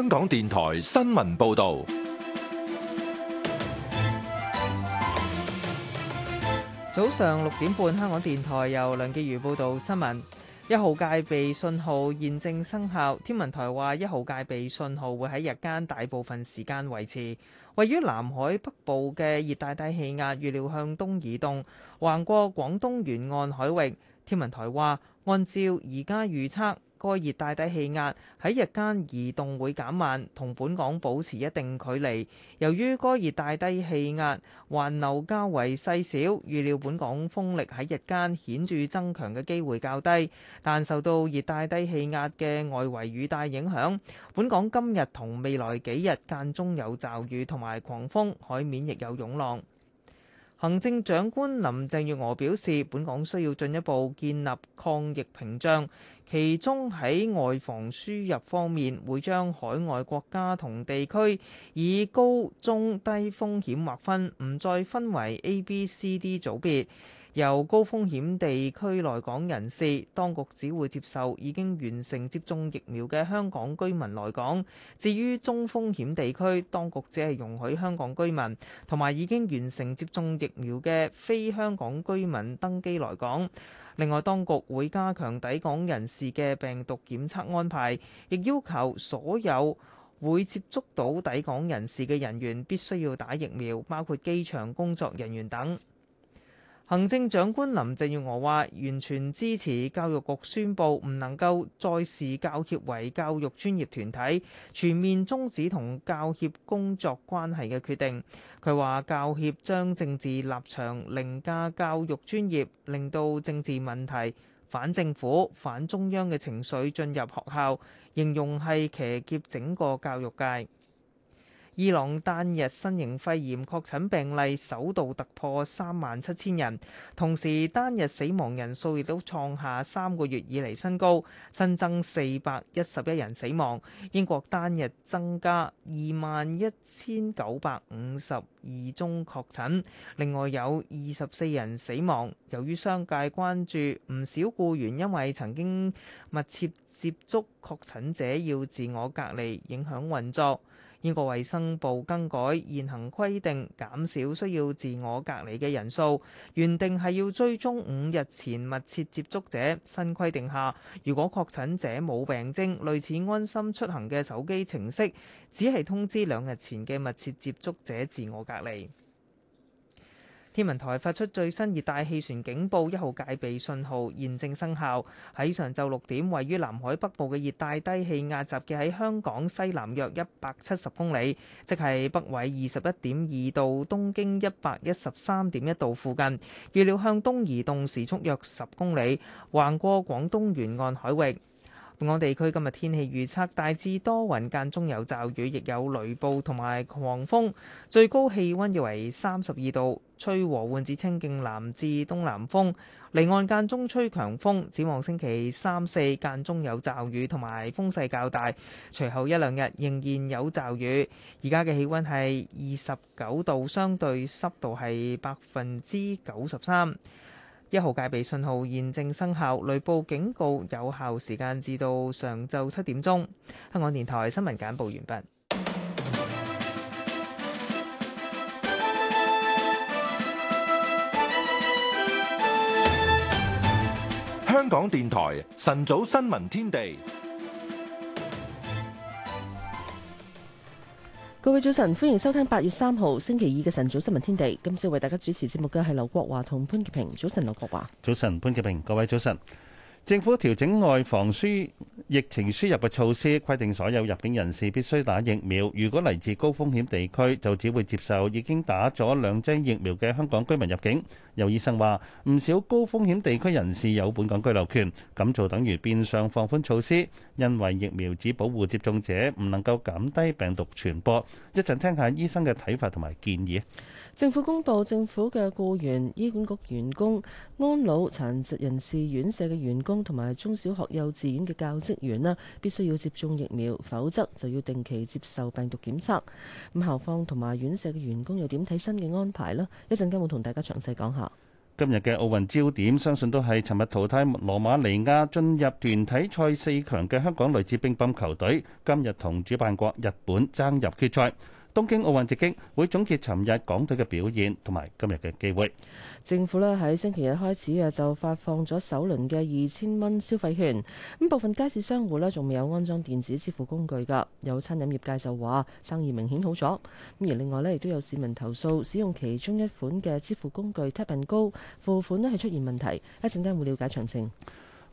香港電台新聞報道，早上六點半，香港電台由梁潔如報道新聞。一號戒備信號現正生效，天文台話一號戒備信號會喺日間大部分時間維持。位於南海北部嘅熱帶低氣壓預料向東移動，橫過廣東沿岸海域。天文台話，按照而家預測。該熱帶低氣壓喺日間移動會減慢，同本港保持一定距離。由於該熱帶低氣壓環流較為細小，預料本港風力喺日間顯著增強嘅機會較低。但受到熱帶低氣壓嘅外圍雨帶影響，本港今日同未來幾日間中有驟雨同埋狂風，海面亦有湧浪。行政長官林鄭月娥表示，本港需要進一步建立抗疫屏障。其中喺外防輸入方面，會將海外國家同地區以高、中、低風險劃分，唔再分為 A、B、C、D 組別，由高風險地區來港人士，當局只會接受已經完成接種疫苗嘅香港居民來港。至於中風險地區，當局只係容許香港居民同埋已經完成接種疫苗嘅非香港居民登機來港。另外，當局會加強抵港人士嘅病毒檢測安排，亦要求所有會接觸到抵港人士嘅人員必須要打疫苗，包括機場工作人員等。行政長官林鄭月娥話：完全支持教育局宣布唔能夠再視教協為教育專業團體，全面終止同教協工作關係嘅決定。佢話：教協將政治立場凌駕教育專業，令到政治問題、反政府、反中央嘅情緒進入學校，形容係騎劫整個教育界。伊朗單日新型肺炎確診病例首度突破三萬七千人，同時單日死亡人數亦都創下三個月以嚟新高，新增四百一十一人死亡。英國單日增加二萬一千九百五十二宗確診，另外有二十四人死亡。由於商界關注，唔少僱員因為曾經密切接觸確診者，要自我隔離，影響運作。英國衛生部更改現行規定，減少需要自我隔離嘅人數。原定係要追蹤五日前密切接觸者，新規定下，如果確診者冇病徵，類似安心出行嘅手機程式，只係通知兩日前嘅密切接觸者自我隔離。天文台發出最新熱帶氣旋警報一號戒備信號，現正生效。喺上晝六點，位於南海北部嘅熱帶低氣壓，集結喺香港西南約一百七十公里，即係北緯二十一點二度、東經一百一十三點一度附近。預料向東移動時速約十公里，橫過廣東沿岸海域。本港地區今日天氣預測，大致多雲間中有驟雨，亦有雷暴同埋狂風，最高氣溫約為三十二度，吹和緩至清勁南至東南風。離岸間中吹強風。展望星期三四間中有驟雨同埋風勢較大，隨後一兩日仍然有驟雨。而家嘅氣溫係二十九度，相對濕度係百分之九十三。一號戒備信號現正生效，雷暴警告有效時間至到上晝七點鐘。香港電台新聞簡報完畢。香港電台晨早新聞天地。各位早晨，歡迎收聽八月三號星期二嘅晨早新聞天地。今次為大家主持節目嘅係劉國華同潘潔平。早晨，劉國華。早晨，潘潔平。各位早晨。政府調整外防輸疫情輸入嘅措施，規定所有入境人士必須打疫苗。如果嚟自高風險地區，就只會接受已經打咗兩劑疫苗嘅香港居民入境。有醫生話，唔少高風險地區人士有本港居留權，咁做等於變相放寬措施，因為疫苗只保護接種者，唔能夠減低病毒傳播。一陣聽下醫生嘅睇法同埋建議。政府公布，政府嘅雇員、醫管局員工、安老殘疾人士院舍嘅員工同埋中小學、幼稚園嘅教職員啦，必須要接種疫苗，否則就要定期接受病毒檢測。咁校方同埋院舍嘅員工又點睇新嘅安排咧？一陣間會同大家詳細講下。今日嘅奧運焦點，相信都係尋日淘汰羅馬尼亞進入團體賽四強嘅香港女子乒乓球隊，今日同主辦國日本爭入決賽。東京奧運直擊會總結尋日港隊嘅表現同埋今日嘅機會。政府咧喺星期日開始啊，就發放咗首輪嘅二千蚊消費券。咁部分街市商戶咧仲未有安裝電子支付工具噶，有餐飲業界就話生意明顯好咗。咁而另外咧亦都有市民投訴使用其中一款嘅支付工具 Tap & Go 付款咧係出現問題，一陣間會了解詳情。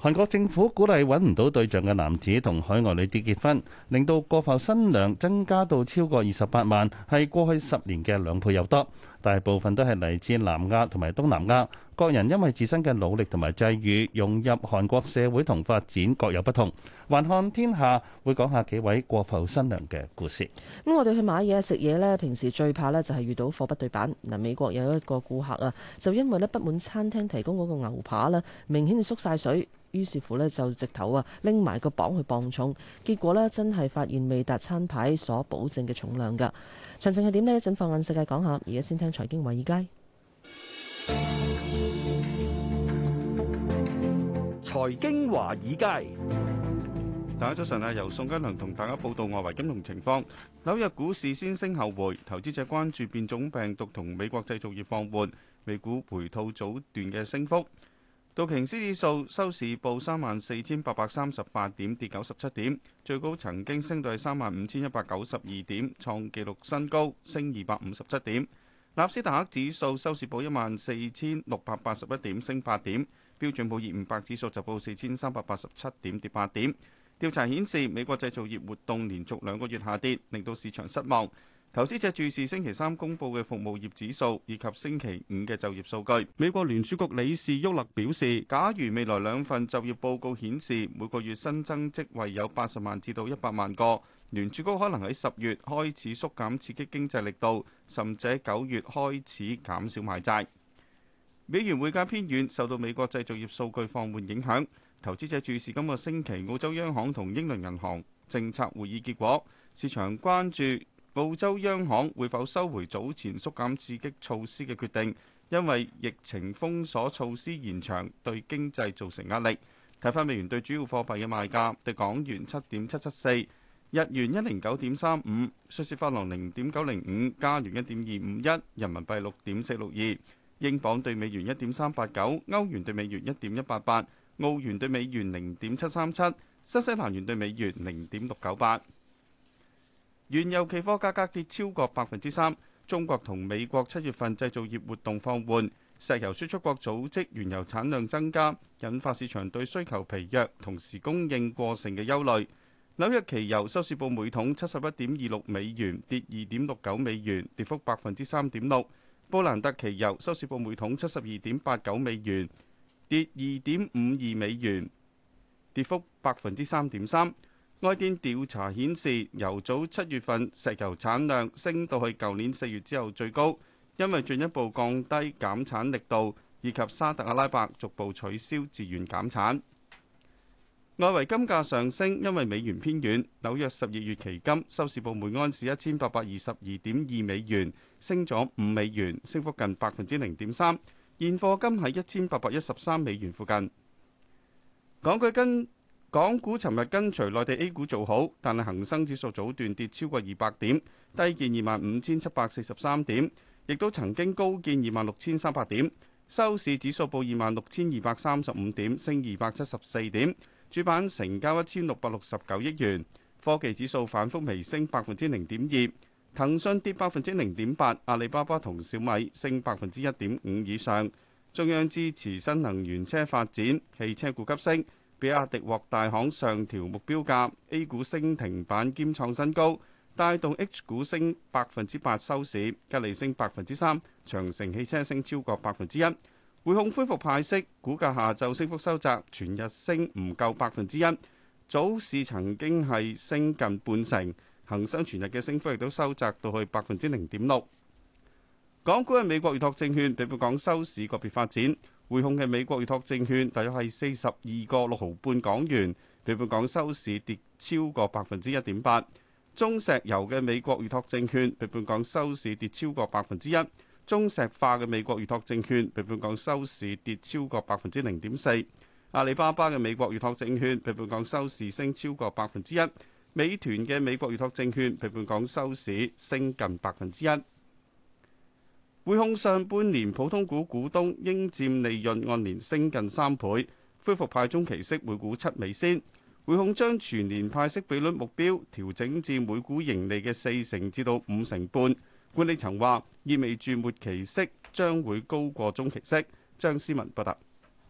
韓國政府鼓勵揾唔到對象嘅男子同海外女子結婚，令到過埠新娘增加到超過二十八萬，係過去十年嘅兩倍有多。大部分都係嚟自南亞同埋東南亞，各人因為自身嘅努力同埋際遇，融入韓國社會同發展各有不同。環看天下會講下幾位過埠新娘嘅故事。咁我哋去買嘢食嘢呢，平時最怕呢就係遇到貨不對版。嗱，美國有一個顧客啊，就因為呢，不滿餐廳提供嗰個牛扒咧明顯縮晒水，於是乎呢，就直頭啊拎埋個磅去磅重，結果呢，真係發現未達餐牌所保證嘅重量㗎。詳情係點呢？一陣放眼世界講下，而家先聽財經華爾街。財經華爾街，大家早晨啊！由宋嘉良同大家報道外圍金融情況。紐約股市先升後回，投資者關注變種病毒同美國製造業放緩，美股回吐早段嘅升幅。道瓊斯指數收市報三萬四千八百三十八點跌九十七點，最高曾經升到三萬五千一百九十二點，創紀錄新高，升二百五十七點，納斯達克指數收市報一萬四千六百八十一點升八點，標準普爾五百指數就報四千三百八十七點跌八點，調查顯示，美國製造業活動連續兩個月下跌，令到市場失望。投資者注視星期三公佈嘅服務業指數以及星期五嘅就業數據。美國聯儲局理事沃勒表示，假如未來兩份就業報告顯示每個月新增職位有八十萬至到一百萬個，聯儲局可能喺十月開始縮減刺激經濟力度，甚至九月開始減少買債。美元匯價偏軟，受到美國製造業數據放緩影響。投資者注視今個星期澳洲央行同英倫銀行政策會議結果，市場關注。澳洲央行會否收回早前縮減刺激措施嘅決定？因為疫情封鎖措施延長，對經濟造成壓力。睇翻美元對主要貨幣嘅賣價：對港元七點七七四，日元一零九點三五，瑞士法郎零點九零五，加元一點二五一，人民幣六點四六二，英鎊對美元一點三八九，歐元對美元一點一八八，澳元對美元零點七三七，新西蘭元對美元零點六九八。原油期貨價格跌超過百分之三，中國同美國七月份製造業活動放緩，石油輸出國組織原油產量增加，引發市場對需求疲弱、同時供應過剩嘅憂慮。紐約期油收市報每桶七十一點二六美元，跌二點六九美元，跌幅百分之三點六。布蘭特期油收市報每桶七十二點八九美元，跌二點五二美元，跌幅百分之三點三。外電調查顯示，由早七月份石油產量升到去舊年四月之後最高，因為進一步降低減產力度，以及沙特阿拉伯逐步取消自願減產。外圍金價上升，因為美元偏軟。紐約十二月期金收市報每安士一千八百二十二點二美元，升咗五美元，升幅近百分之零點三。現貨金喺一千八百一十三美元附近。港貴跟。港股尋日跟隨內地 A 股做好，但係恆生指數早段跌超過二百點，低見二萬五千七百四十三點，亦都曾經高見二萬六千三百點。收市指數報二萬六千二百三十五點，升二百七十四點。主板成交一千六百六十九億元。科技指數反覆微升百分之零點二，騰訊跌百分之零點八，阿里巴巴同小米升百分之一點五以上。中央支持新能源車發展，汽車股急升。比亞迪獲大行上調目標價，A 股升停板兼創新高，帶動 H 股升百分之八收市，吉利升百分之三，長城汽車升超過百分之一。匯控恢復派息，股價下晝升幅收窄，全日升唔夠百分之一。早市曾經係升近半成，恒生全日嘅升幅亦都收窄到去百分之零點六。港股係美國預託證券對比港收市個別發展。匯控嘅美國預託證券大約係四十二個六毫半港元，比本港收市跌超過百分之一點八。中石油嘅美國預託證券比本港收市跌超過百分之一。中石化嘅美國預託證券比本港收市跌超過百分之零點四。阿里巴巴嘅美國預託證券比本港收市升超過百分之一。美團嘅美國預託證券比本港收市升近百分之一。匯控上半年普通股股東應占利潤按年升近三倍，恢復派中期息每股七美仙。匯控將全年派息比率目標調整至每股盈利嘅四成至到五成半。管理層話意味住末期息將會高過中期息。張思文報道。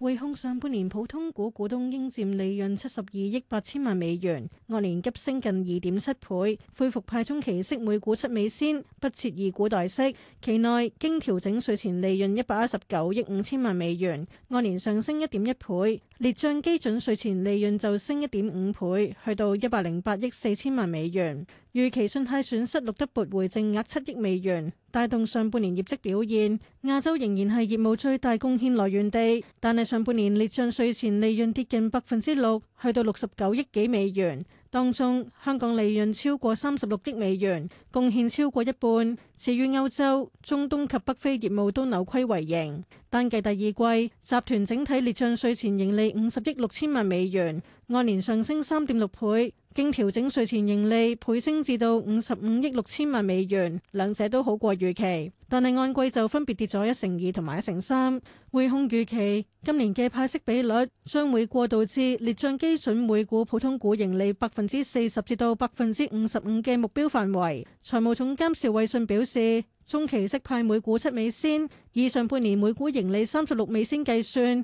匯控上半年普通股股東應占利潤七十二億八千萬美元，按年急升近二點七倍，恢復派中期息每股七美仙，不設以股代息。期內經調整稅前利潤一百一十九億五千萬美元，按年上升一點一倍，列賬基準稅前利潤就升一點五倍，去到一百零八億四千萬美元。預期信貸損失錄得撥回淨額七億美元，帶動上半年業績表現。亞洲仍然係業務最大貢獻來源地，但係上半年列賬稅前利潤跌近百分之六，去到六十九億幾美元。當中香港利潤超過三十六億美元，貢獻超過一半。至於歐洲、中東及北非業務都扭虧為盈。單計第二季，集團整體列賬稅前盈利五十億六千萬美元，按年上升三點六倍。經調整稅前盈利倍升至到五十五億六千萬美元，兩者都好過預期，但係按季就分別跌咗一成二同埋一成三。匯控預期今年嘅派息比率將會過渡至列賬基準每股普通股盈利百分之四十至到百分之五十五嘅目標範圍。財務總監邵偉信表示，中期息派每股七美仙，以上半年每股盈利三十六美仙計算。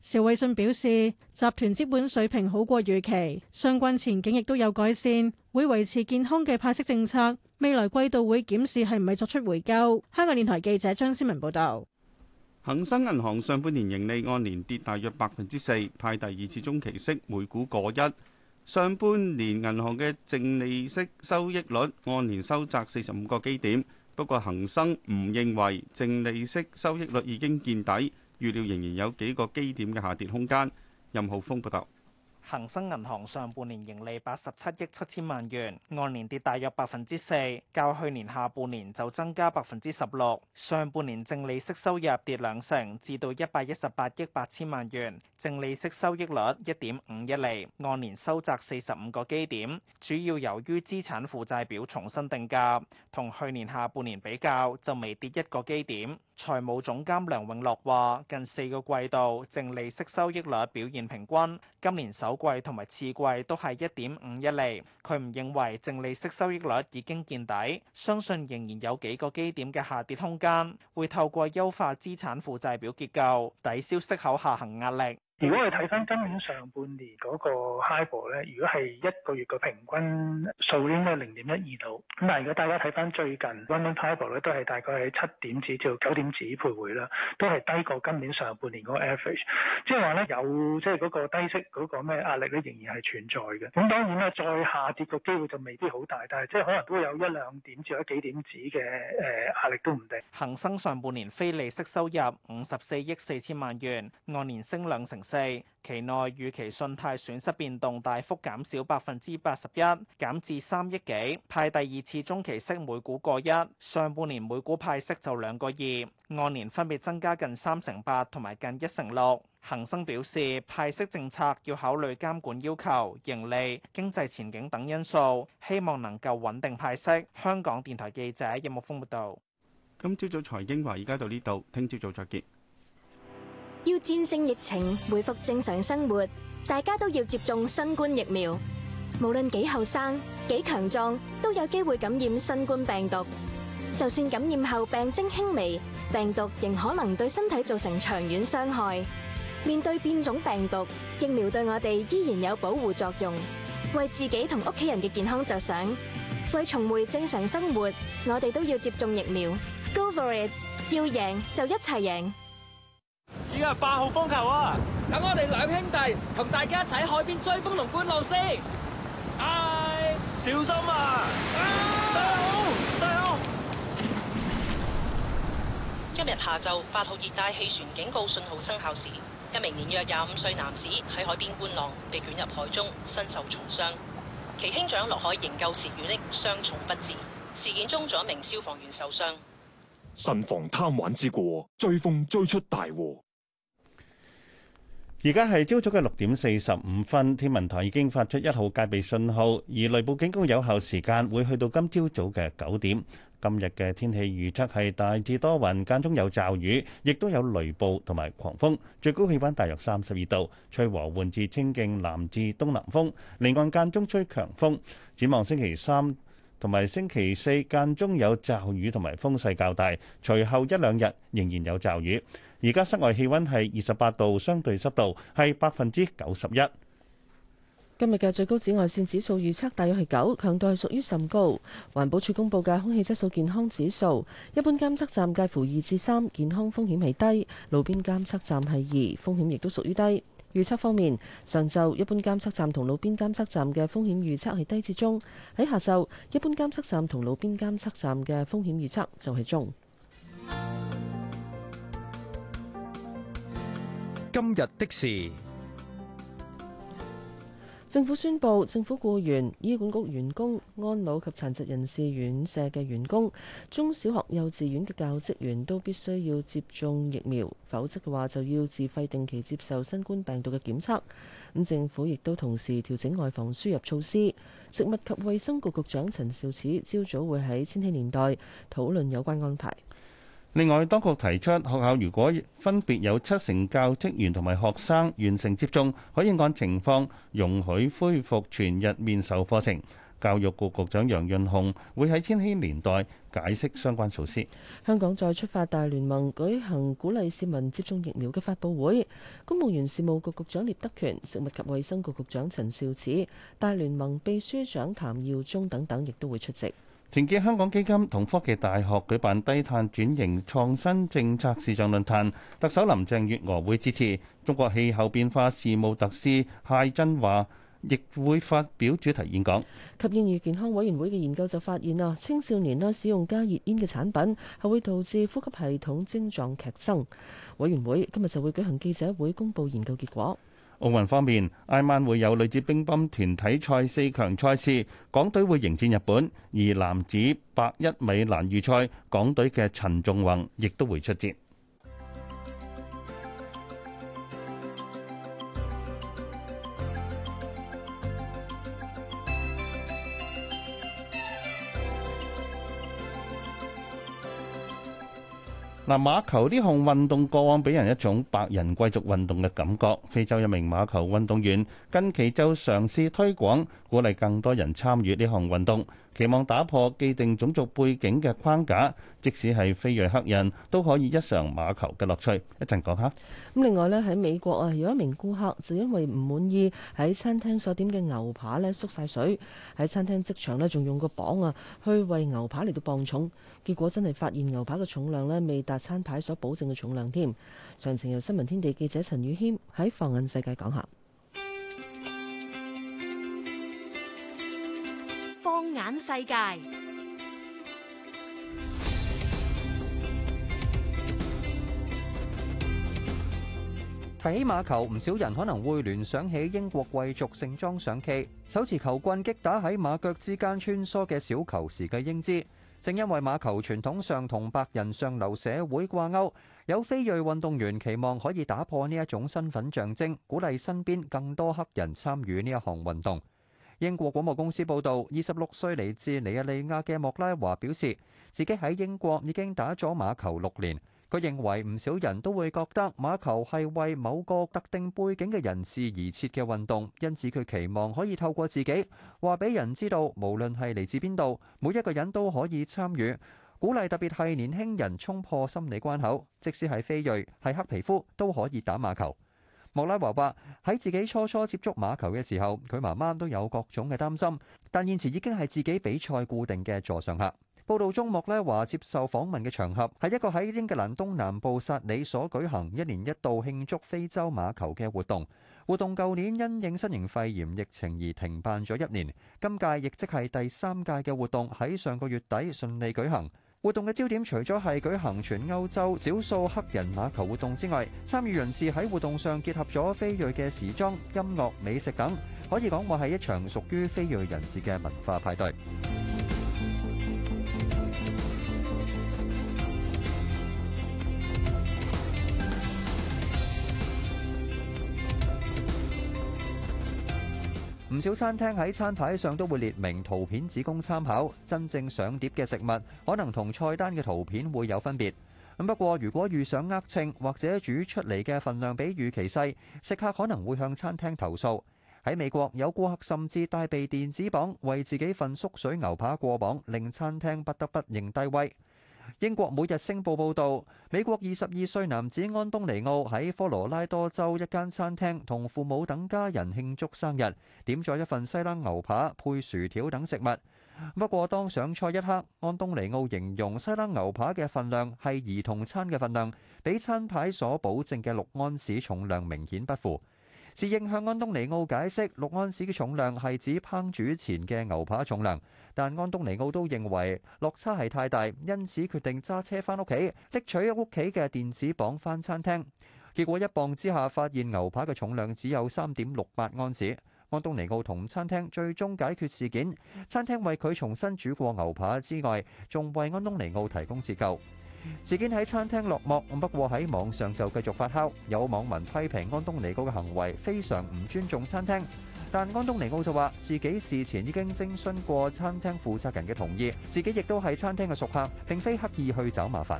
邵偉信表示，集團資本水平好過預期，相關前景亦都有改善，會維持健康嘅派息政策。未來季度會檢視係唔係作出回購。香港電台記者張思文報道。恒生銀行上半年盈利按年跌大約百分之四，派第二次中期息每股個一。上半年銀行嘅淨利息收益率按年收窄四十五個基點，不過恒生唔認為淨利息收益率已經見底。預料仍然有幾個基點嘅下跌空間。任浩峰報道。恒生銀行上半年盈利八十七億七千萬元，按年跌大約百分之四，較去年下半年就增加百分之十六。上半年淨利息收入跌兩成，至到一百一十八億八千萬元，淨利息收益率一點五一厘。按年收窄四十五個基點，主要由於資產負債表重新定價，同去年下半年比較就微跌一個基點。財務總監梁永樂話：近四個季度淨利息收益率表現平均，今年首季同埋次季都係一點五一厘。佢唔認為淨利息收益率已經見底，相信仍然有幾個基點嘅下跌空間，會透過優化資產負債表結構，抵消息口下行壓力。如果我哋睇翻今年上半年嗰個 HIBOR 咧，如果係一個月嘅平均數應該零點一二度，咁但係如果大家睇翻最近 one month HIBOR 咧，都係大概喺七點子至到九點止徘徊啦，都係低過今年上半年嗰個 average，即係話咧有即係嗰個低息嗰個咩壓力咧仍然係存在嘅，咁當然啦，再下跌個機會就未必好大，但係即係可能都有一兩點至一幾點止嘅誒壓力都唔定。恒生上半年非利息收入五十四億四千萬元，按年升兩成。四期內預期信貸損失變動大幅減少百分之八十一，減至三億幾派第二次中期息每股個一，上半年每股派息就兩個二，按年分別增加近三成八同埋近一成六。恒生表示派息政策要考慮監管要求、盈利、經濟前景等因素，希望能夠穩定派息。香港電台記者葉木峰報道。今朝早財經話，而家到呢度，聽朝早作結。要戰勝疫情，回復正常生活，大家都要接種新冠疫苗。無論幾後生、幾強壯，都有機會感染新冠病毒。就算感染後病徵輕微，病毒仍可能對身體造成長遠傷害。面對變種病毒，疫苗對我哋依然有保護作用。為自己同屋企人嘅健康着想，為重回正常生活，我哋都要接種疫苗。Go for it！要贏就一齊贏。呢個八號風球啊！等我哋兩兄弟同大家一齊喺海邊追風同觀浪先。係、哎，小心啊！細、啊、佬，細佬。今日下晝八號熱帶氣旋警告信號生效時，一名年約廿五歲男子喺海邊觀浪，被捲入海中，身受重傷。其兄長落海營救時，淤溺傷重不治。事件中，咗一名消防員受傷。慎防貪玩之過，追風追出大禍。而家係朝早嘅六點四十五分，天文台已經發出一號戒備信號，而雷暴警告有效時間會去到今朝早嘅九點。今日嘅天氣預測係大致多雲，間中有驟雨，亦都有雷暴同埋狂風，最高氣温大約三十二度，吹和緩至清勁南至東南風，另外，間中吹強風。展望星期三同埋星期四間中有驟雨同埋風勢較大，隨後一兩日仍然有驟雨。而家室外氣溫係二十八度，相對濕度係百分之九十一。今日嘅最高紫外線指數預測大約係九，強度係屬於甚高。環保署公布嘅空氣質素健康指數，一般監測站介乎二至三，健康風險係低；路邊監測站係二，風險亦都屬於低。預測方面，上晝一般監測站同路邊監測站嘅風險預測係低至中；喺下晝，一般監測站同路邊監測站嘅風險預測就係中。今日的事，政府宣布，政府僱員、醫管局員工、安老及殘疾人士、院舍嘅員工、中小學、幼稚園嘅教職員都必須要接種疫苗，否則嘅話就要自費定期接受新冠病毒嘅檢測。咁政府亦都同時調整外防輸入措施。食物及衛生局局長陳肇始朝早會喺千禧年代討論有關安排。另外，當局提出，學校如果分別有七成教職員同埋學生完成接種，可以按情況容許恢復全日面授課程。教育局局長楊潤雄會在千禧年代解釋相關措施。香港再出發大聯盟舉行鼓勵市民接種疫苗的發布會，公務員事務局局長聶德權、食物及衛生局局長陳肇始、大聯盟秘書長譚耀宗等等亦都會出席。團結香港基金同科技大學舉辦低碳轉型創新政策視像論壇，特首林鄭月娥會致辭，中國氣候變化事務特使解振華亦會發表主題演講。吸煙與健康委員會嘅研究就發現啊，青少年呢使用加熱煙嘅產品係會導致呼吸系統症狀劇增。委員會今日就會舉行記者會公布研究結果。奧運方面，挨晚會有女子乒乓團體賽四強賽事，港隊會迎戰日本；而男子百一米欄預賽，港隊嘅陳仲宏亦都會出戰。嗱，馬球呢項運動過往畀人一種白人貴族運動嘅感覺。非洲一名馬球運動員近期就嘗試推廣，鼓勵更多人參與呢項運動。期望打破既定種族背景嘅框架，即使係非裔黑人都可以一嘗馬球嘅樂趣。一陣講下。咁另外咧，喺美國啊，有一名顧客就因為唔滿意喺餐廳所點嘅牛扒咧，縮曬水，喺餐廳職場咧，仲用個磅啊去為牛扒嚟到磅重，結果真係發現牛扒嘅重量咧，未達餐牌所保證嘅重量添。詳情由新聞天地記者陳宇軒喺放眼世界講下。放眼世界，提起馬球，唔少人可能會聯想起英國貴族盛裝上期，手持球棍擊打喺馬腳之間穿梭嘅小球時嘅英姿。正因為馬球傳統上同白人上流社會掛鈎，有非裔運動員期望可以打破呢一種身份象徵，鼓勵身邊更多黑人參與呢一項運動。英國廣播公司報道，二十六歲嚟自尼日利亞嘅莫拉華表示，自己喺英國已經打咗馬球六年。佢認為唔少人都會覺得馬球係為某個特定背景嘅人士而設嘅運動，因此佢期望可以透過自己話俾人知道，無論係嚟自邊度，每一個人都可以參與，鼓勵特別係年輕人衝破心理關口，即使係非裔、係黑皮膚都可以打馬球。莫拉華話：喺自己初初接觸馬球嘅時候，佢媽媽都有各種嘅擔心，但現時已經係自己比賽固定嘅座上客。報道中，莫拉華接受訪問嘅場合係一個喺英格蘭東南部薩里所舉行一年一度慶祝非洲馬球嘅活動。活動舊年因應新型肺炎疫情而停辦咗一年，今屆亦即係第三屆嘅活動喺上個月底順利舉行。活動嘅焦點除咗係舉行全歐洲少數黑人馬球活動之外，參與人士喺活動上結合咗非裔嘅時裝、音樂、美食等，可以講話係一場屬於非裔人士嘅文化派對。唔少餐廳喺餐牌上都會列明圖片只供參考，真正上碟嘅食物可能同菜單嘅圖片會有分別。咁不過，如果遇上呃秤或者煮出嚟嘅份量比預期細，食客可能會向餐廳投訴。喺美國，有顧客甚至帶備電子磅，為自己份縮水牛扒過磅，令餐廳不得不認低威。英國每日星報報導，美國二十二歲男子安東尼奧喺科羅拉多州一間餐廳同父母等家人慶祝生日，點咗一份西冷牛扒配薯條等食物。不過，當上菜一刻，安東尼奧形容西冷牛扒嘅份量係兒童餐嘅份量，比餐牌所保證嘅六安士重量明顯不符。侍應向安東尼奧解釋，六安士嘅重量係指烹煮前嘅牛扒重量。但安東尼奧都認為落差係太大，因此決定揸車翻屋企拎取一屋企嘅電子磅翻餐廳。結果一磅之下發現牛扒嘅重量只有三點六八安士。安東尼奧同餐廳最終解決事件，餐廳為佢重新煮過牛扒之外，仲為安東尼奧提供折扣。事件喺餐廳落幕，不過喺網上就繼續發酵，有網民批評安東尼奧嘅行為非常唔尊重餐廳。但安東尼奧就話，自己事前已經徵詢過餐廳負責人嘅同意，自己亦都係餐廳嘅熟客，並非刻意去找麻煩。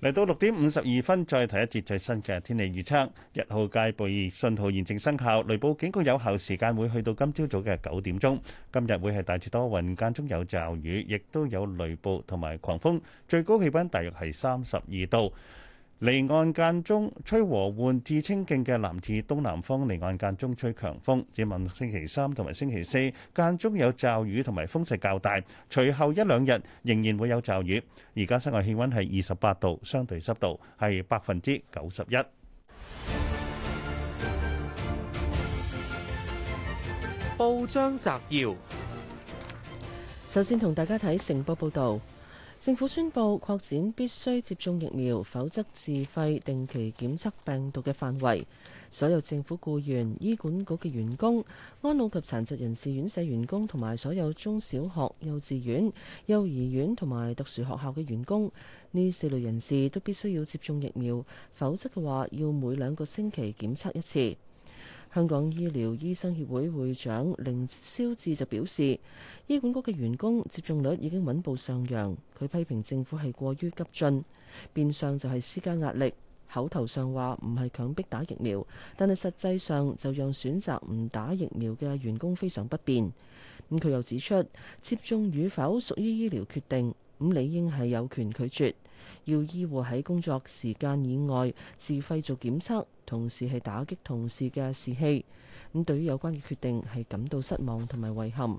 嚟到六點五十二分，再睇一節最新嘅天氣預測。一號戒備信號現正生效，雷暴警告有效時間會去到今朝早嘅九點鐘。今日會係大致多雲，間中有驟雨，亦都有雷暴同埋狂風，最高氣溫大約係三十二度。離岸間中吹和緩至清勁嘅南至東南風，離岸間中吹強風。展望星期三同埋星期四間中有驟雨同埋風勢較大，隨後一兩日仍然會有驟雨。而家室外氣溫係二十八度，相對濕度係百分之九十一。報章摘要，首先同大家睇成報報道。政府宣佈擴展必須接種疫苗，否則自費定期檢測病毒嘅範圍。所有政府僱員、醫管局嘅員工、安老及殘疾人士院舍員工，同埋所有中小學、幼稚園、幼兒園同埋特殊學校嘅員工，呢四類人士都必須要接種疫苗，否則嘅話要每兩個星期檢測一次。香港醫療醫生協會會長凌霄志就表示，醫管局嘅員工接種率已經穩步上揚。佢批評政府係過於急進，變相就係施加壓力。口頭上話唔係強迫打疫苗，但係實際上就讓選擇唔打疫苗嘅員工非常不便。咁佢又指出，接種與否屬於醫療決定。咁理應係有權拒絕，要醫護喺工作時間以外自費做檢測，同時，係打擊同事嘅士氣，咁對於有關嘅決定係感到失望同埋遺憾。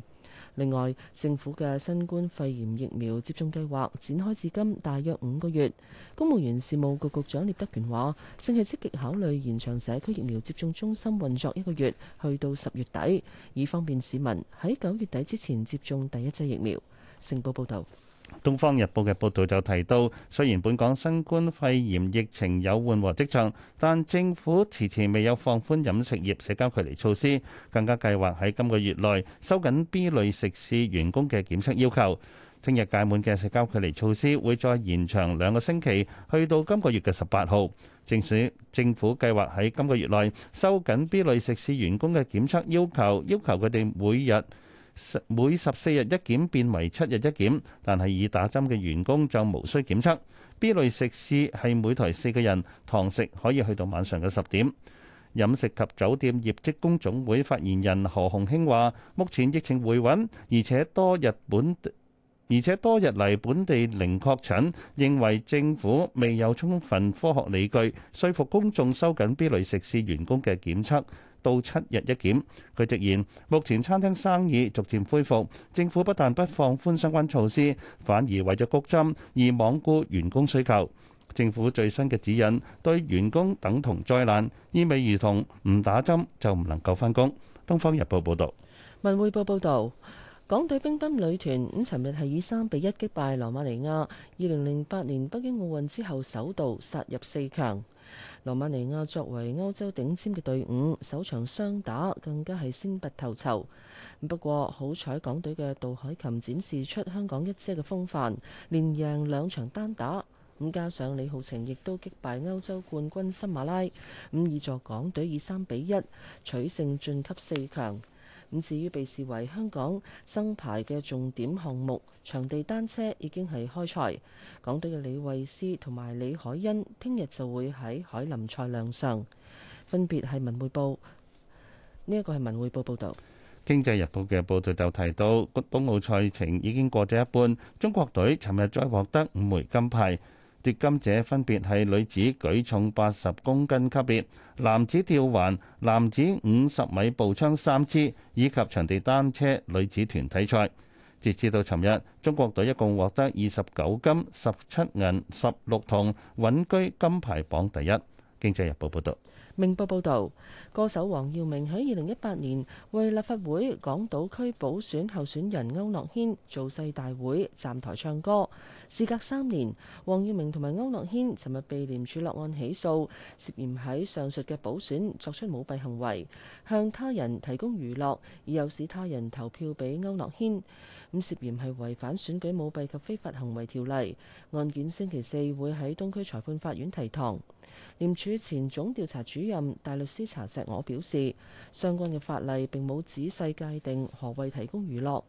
另外，政府嘅新冠肺炎疫苗接種計劃展開至今大約五個月，公務員事務局局長聶德權話正係積極考慮延長社區疫苗接種中心運作一個月，去到十月底，以方便市民喺九月底之前接種第一劑疫苗。成報報道。《東方日報》嘅報導就提到，雖然本港新冠肺炎疫情有緩和跡象，但政府遲遲未有放寬飲食業社交距離措施，更加計劃喺今個月內收緊 B 類食肆員工嘅檢測要求。聽日屆滿嘅社交距離措施會再延長兩個星期，去到今個月嘅十八號。政署政府計劃喺今個月內收緊 B 類食肆員工嘅檢測要求，要求佢哋每日，每十四日一檢變為七日一檢，但係已打針嘅員工就無需檢測。B 類食肆係每台四個人，堂食可以去到晚上嘅十點。飲食及酒店業職工總會發言人何鴻興話：目前疫情回穩，而且多日本而且多日嚟本地零確診，認為政府未有充分科學理據說服公眾收緊 B 類食肆員工嘅檢測。到七日一檢。佢直言，目前餐廳生意逐漸恢復，政府不但不放寬相關措施，反而為咗谷針而罔顧員工需求。政府最新嘅指引對員工等同災難，意味如同唔打針就唔能夠翻工。《東方日報》報導，《文匯報》報導，港隊乒乓女團咁，尋日係以三比一擊敗羅馬尼亞，二零零八年北京奧運之後首度殺入四強。羅馬尼亞作為歐洲頂尖嘅隊伍，首場雙打更加係先拔頭籌。不過好彩，港隊嘅杜凱琹展示出香港一姐嘅風範，連贏兩場單打。咁加上李皓晴亦都擊敗歐洲冠軍森馬拉，咁以助港隊以三比一取勝晉級四強。咁至於被視為香港爭牌嘅重點項目，場地單車已經係開賽，港隊嘅李慧詩同埋李海欣聽日就會喺海林賽亮相，分別係文匯報呢一個係文匯報報導，《經濟日報》嘅報道就提到，東奧賽程已經過咗一半，中國隊尋日再獲得五枚金牌。奪金者分別係女子舉重八十公斤級別、男子吊環、男子五十米步槍三姿，以及場地單車女子團體賽。截至到尋日，中國隊一共獲得二十九金、十七銀、十六銅，穩居金牌榜第一。經濟日報報導。明報報導，歌手黃耀明喺二零一八年為立法會港島區補選候選人區諾軒造勢大會站台唱歌。事隔三年，黃耀明同埋區諾軒尋日被廉署落案起訴，涉嫌喺上述嘅補選作出舞弊行為，向他人提供娛樂，而誘使他人投票俾區諾軒。咁涉嫌係違反選舉舞弊及非法行為條例案件，星期四會喺東區裁判法院提堂。廉署前總調查主任大律師查石我表示，相關嘅法例並冇仔細界定何為提供娛樂。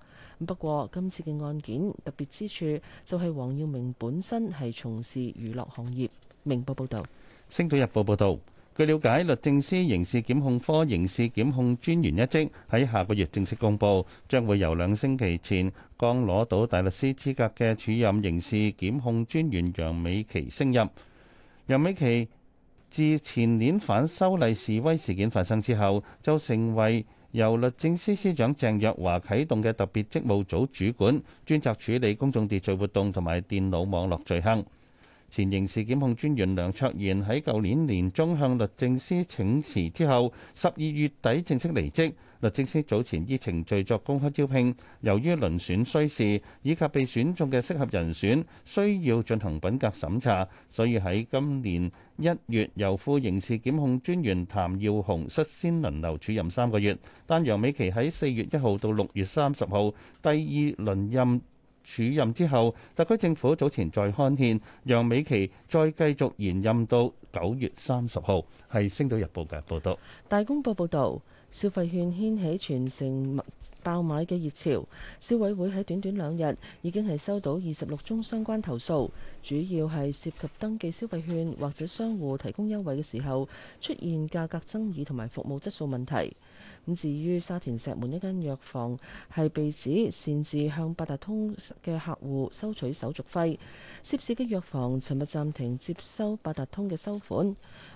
不過，今次嘅案件特別之處就係黃耀明本身係從事娛樂行業。明報報道。《星島日報》報道。據瞭解，律政司刑事檢控科刑事檢控專員一職喺下個月正式公布，將會由兩星期前剛攞到大律師資格嘅主任刑事檢控專員楊美琪升任。楊美琪自前年反修例示威事件發生之後，就成為由律政司司長鄭若驊啟動嘅特別職務組主管，專責處理公眾秩序活動同埋電腦網絡罪行。前刑事檢控專員梁卓然喺舊年年中向律政司請辭之後，十二月底正式離職。律政司早前以程序作公開招聘，由於輪選需時，以及被選中嘅適合人選需要進行品格審查，所以喺今年一月由副刑事檢控專員譚耀雄率先輪流署任三個月，但楊美琪喺四月一號到六月三十號第二輪任。署任之後，特區政府早前再刊憲，楊美琪再繼續延任到九月三十號，係《星島日報》嘅報道。大公報報導。消費券掀起全城爆買嘅熱潮，消委會喺短短兩日已經係收到二十六宗相關投訴，主要係涉及登記消費券或者商戶提供優惠嘅時候出現價格爭議同埋服務質素問題。咁至於沙田石門一間藥房係被指擅自向八達通嘅客戶收取手續費，涉事嘅藥房尋日暫停接收八達通嘅收款。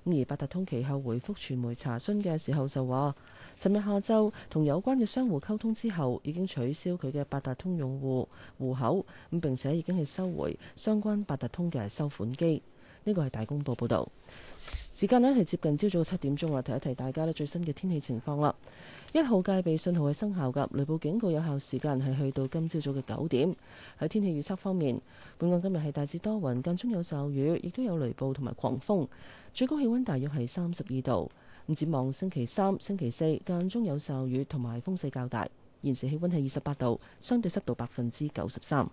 咁而八達通其後回覆傳媒查詢嘅時候就話：尋日下晝同有關嘅商戶溝通之後，已經取消佢嘅八達通用戶戶口，咁並且已經係收回相關八達通嘅收款機。呢個係大公報報導。時間呢係接近朝早七點鐘啊，提一提大家呢最新嘅天氣情況啦。一號戒備信號係生效噶，雷暴警告有效時間係去到今朝早嘅九點。喺天氣預測方面，本港今日係大致多雲，間中有驟雨，亦都有雷暴同埋狂風，最高氣温大約係三十二度。展望星期三、星期四間中有驟雨同埋風勢較大。現時氣溫係二十八度，相對濕度百分之九十三。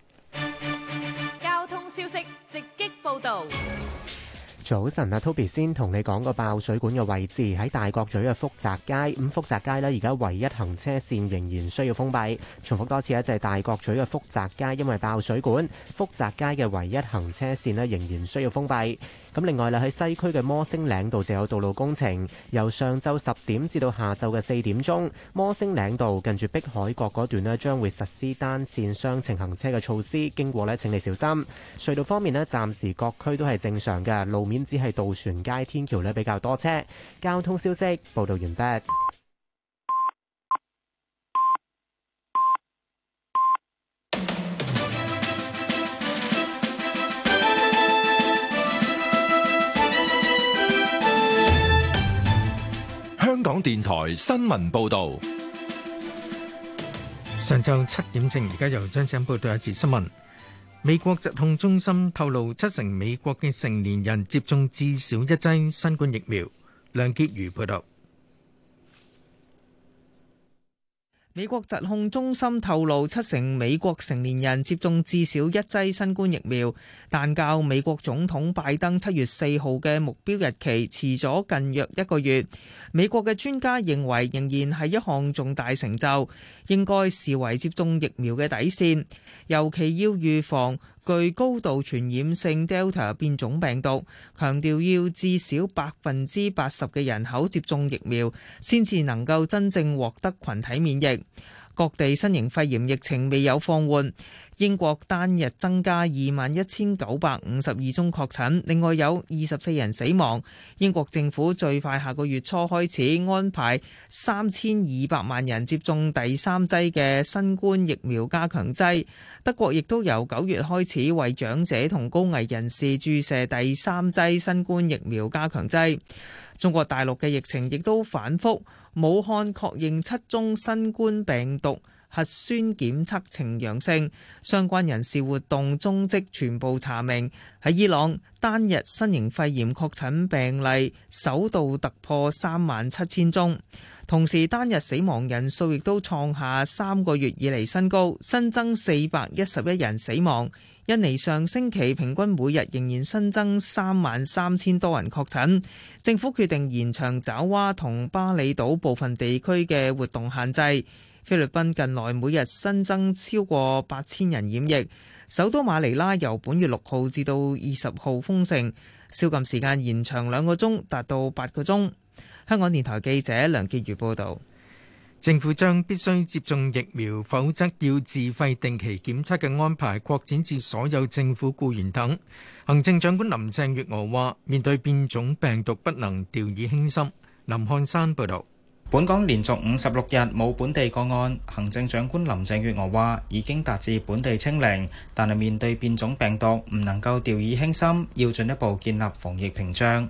交通消息直擊報導。早晨啊，Toby 先同你講個爆水管嘅位置喺大角咀嘅福澤街。咁福澤街呢，而家唯一行車線仍然需要封閉。重複多次呢，就係大角咀嘅福澤街，因為爆水管，福澤街嘅唯一行車線呢仍然需要封閉。咁另外咧喺西區嘅摩星嶺道就有道路工程，由上晝十點至到下晝嘅四點鐘，摩星嶺道近住碧海閣嗰段咧將會實施單線雙程行車嘅措施，經過咧請你小心。隧道方面咧，暫時各區都係正常嘅，路面只係渡船街天橋咧比較多車。交通消息報導完畢。香港電臺新聞報道：上晝七點正，而家由張政報道一次新聞。美國疾控中心透露，七成美國嘅成年人接種至少一劑新冠疫苗。梁潔如報道。美國疾控中心透露，七成美國成年人接種至少一劑新冠疫苗，但較美國總統拜登七月四號嘅目標日期遲咗近約一個月。美國嘅專家認為，仍然係一項重大成就，應該視為接種疫苗嘅底線，尤其要預防具高度傳染性 Delta 變種病毒，強調要至少百分之八十嘅人口接種疫苗，先至能夠真正獲得群體免疫。各地新型肺炎疫情未有放緩，英國單日增加二萬一千九百五十二宗確診，另外有二十四人死亡。英國政府最快下個月初開始安排三千二百萬人接種第三劑嘅新冠疫苗加強劑，德國亦都由九月開始為長者同高危人士注射第三劑新冠疫苗加強劑，中國大陸嘅疫情亦都反復。武漢確認七宗新冠病毒核酸檢測呈陽性，相關人士活動蹤迹全部查明。喺伊朗，單日新型肺炎確診病例首度突破三萬七千宗。同時，單日死亡人數亦都創下三個月以嚟新高，新增四百一十一人死亡。印尼上星期平均每日仍然新增三萬三千多人確診。政府決定延長爪哇同巴厘島部分地區嘅活動限制。菲律賓近來每日新增超過八千人染疫。首都馬尼拉由本月六號至到二十號封城，宵禁時間延長兩個鐘，達到八個鐘。香港電台記者梁潔如報道，政府將必須接種疫苗，否則要自費定期檢測嘅安排擴展至所有政府僱員等。行政長官林鄭月娥話，面對變種病毒，不能掉以輕心。林漢山報道。本港連續五十六日冇本地個案，行政長官林鄭月娥話已經達至本地清零，但係面對變種病毒，唔能夠掉以輕心，要進一步建立防疫屏障。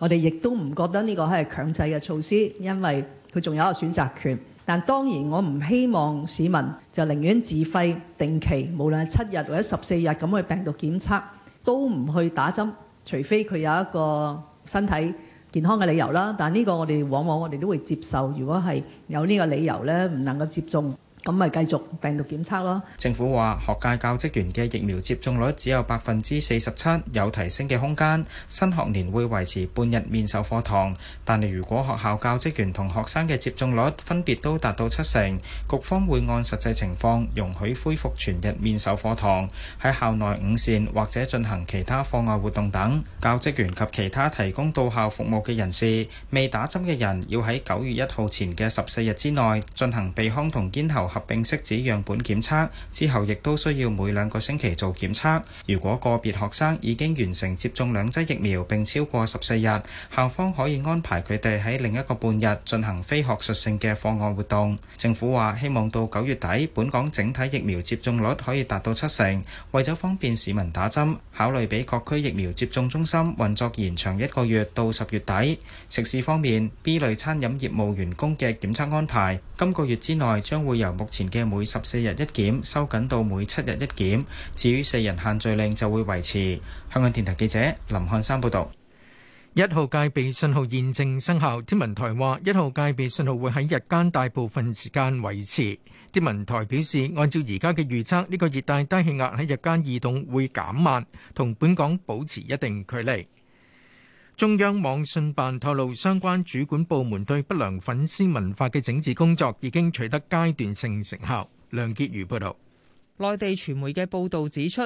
我哋亦都唔覺得呢個係強制嘅措施，因為佢仲有一個選擇權。但當然，我唔希望市民就寧願自費定期，無論係七日或者十四日咁去病毒檢測，都唔去打針，除非佢有一個身體健康嘅理由啦。但呢個我哋往往我哋都會接受，如果係有呢個理由呢，唔能夠接種。咁咪繼續病毒檢測咯。政府話學界教職員嘅疫苗接種率只有百分之四十七，有提升嘅空間。新學年會維持半日面授課堂，但係如果學校教職員同學生嘅接種率分別都達到七成，局方會按實際情況容許恢復全日面授課堂，喺校內午膳或者進行其他課外活動等。教職員及其他提供到校服務嘅人士，未打針嘅人要喺九月一號前嘅十四日之內進行鼻腔同咽喉合併拭子樣本檢測之後，亦都需要每兩個星期做檢測。如果個別學生已經完成接種兩劑疫苗並超過十四日，校方可以安排佢哋喺另一個半日進行非學術性嘅課外活動。政府話希望到九月底，本港整體疫苗接種率可以達到七成。為咗方便市民打針，考慮俾各區疫苗接種中心運作延長一個月到十月底。食肆方面，B 類餐飲業務員工嘅檢測安排今個月之內將會由目前嘅每十四日一檢收緊到每七日一檢，至於四人限聚令就會維持。香港電台記者林漢山報導。一號戒備信號現正生效，天文台話一號戒備信號會喺日間大部分時間維持。天文台表示，按照而家嘅預測，呢個熱帶低氣壓喺日間移動會減慢，同本港保持一定距離。中央網信辦透露，相關主管部門對不良粉絲文化嘅整治工作已經取得階段性成效。梁潔如報道，內地傳媒嘅報道指出，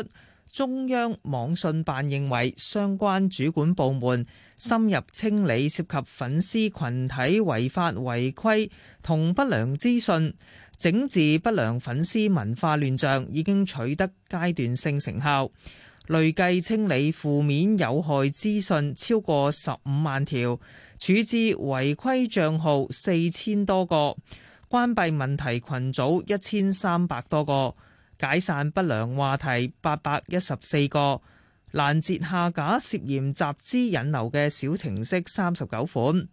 中央網信辦認為，相關主管部門深入清理涉及粉絲群體違法違規同不良資訊，整治不良粉絲文化亂象，已經取得階段性成效。累計清理負面有害資訊超過十五萬條，處置違規賬號四千多個，關閉問題群組一千三百多個，解散不良話題八百一十四個，攔截下架涉嫌集資引流嘅小程式三十九款。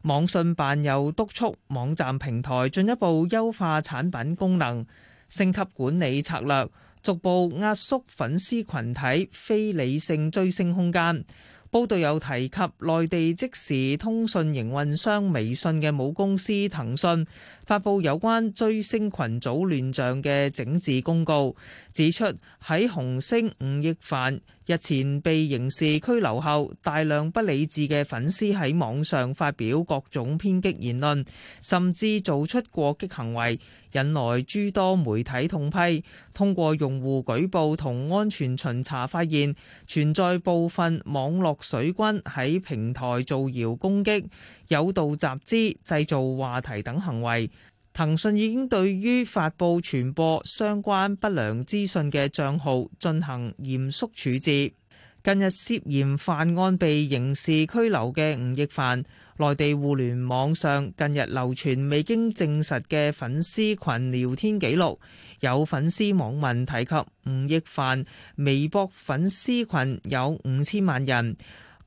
網信辦又督促網站平台進一步優化產品功能，升級管理策略。逐步壓縮粉絲群體非理性追星空間。報道有提及內地即時通訊營運商微信嘅母公司騰訊，發布有關追星群組亂象嘅整治公告，指出喺紅星吳亦凡日前被刑事拘留後，大量不理智嘅粉絲喺網上發表各種偏激言論，甚至做出過激行為，引來諸多媒體痛批。通過用戶舉報同安全巡查發現，存在部分網絡水軍喺平台造謠攻擊。有道集資、製造話題等行為，騰訊已經對於發布傳播相關不良資訊嘅帳號進行嚴肅處置。近日涉嫌犯案被刑事拘留嘅吳亦凡，內地互聯網上近日流傳未經證實嘅粉絲群聊天記錄，有粉絲網民提及吳亦凡，微博粉絲群有五千萬人。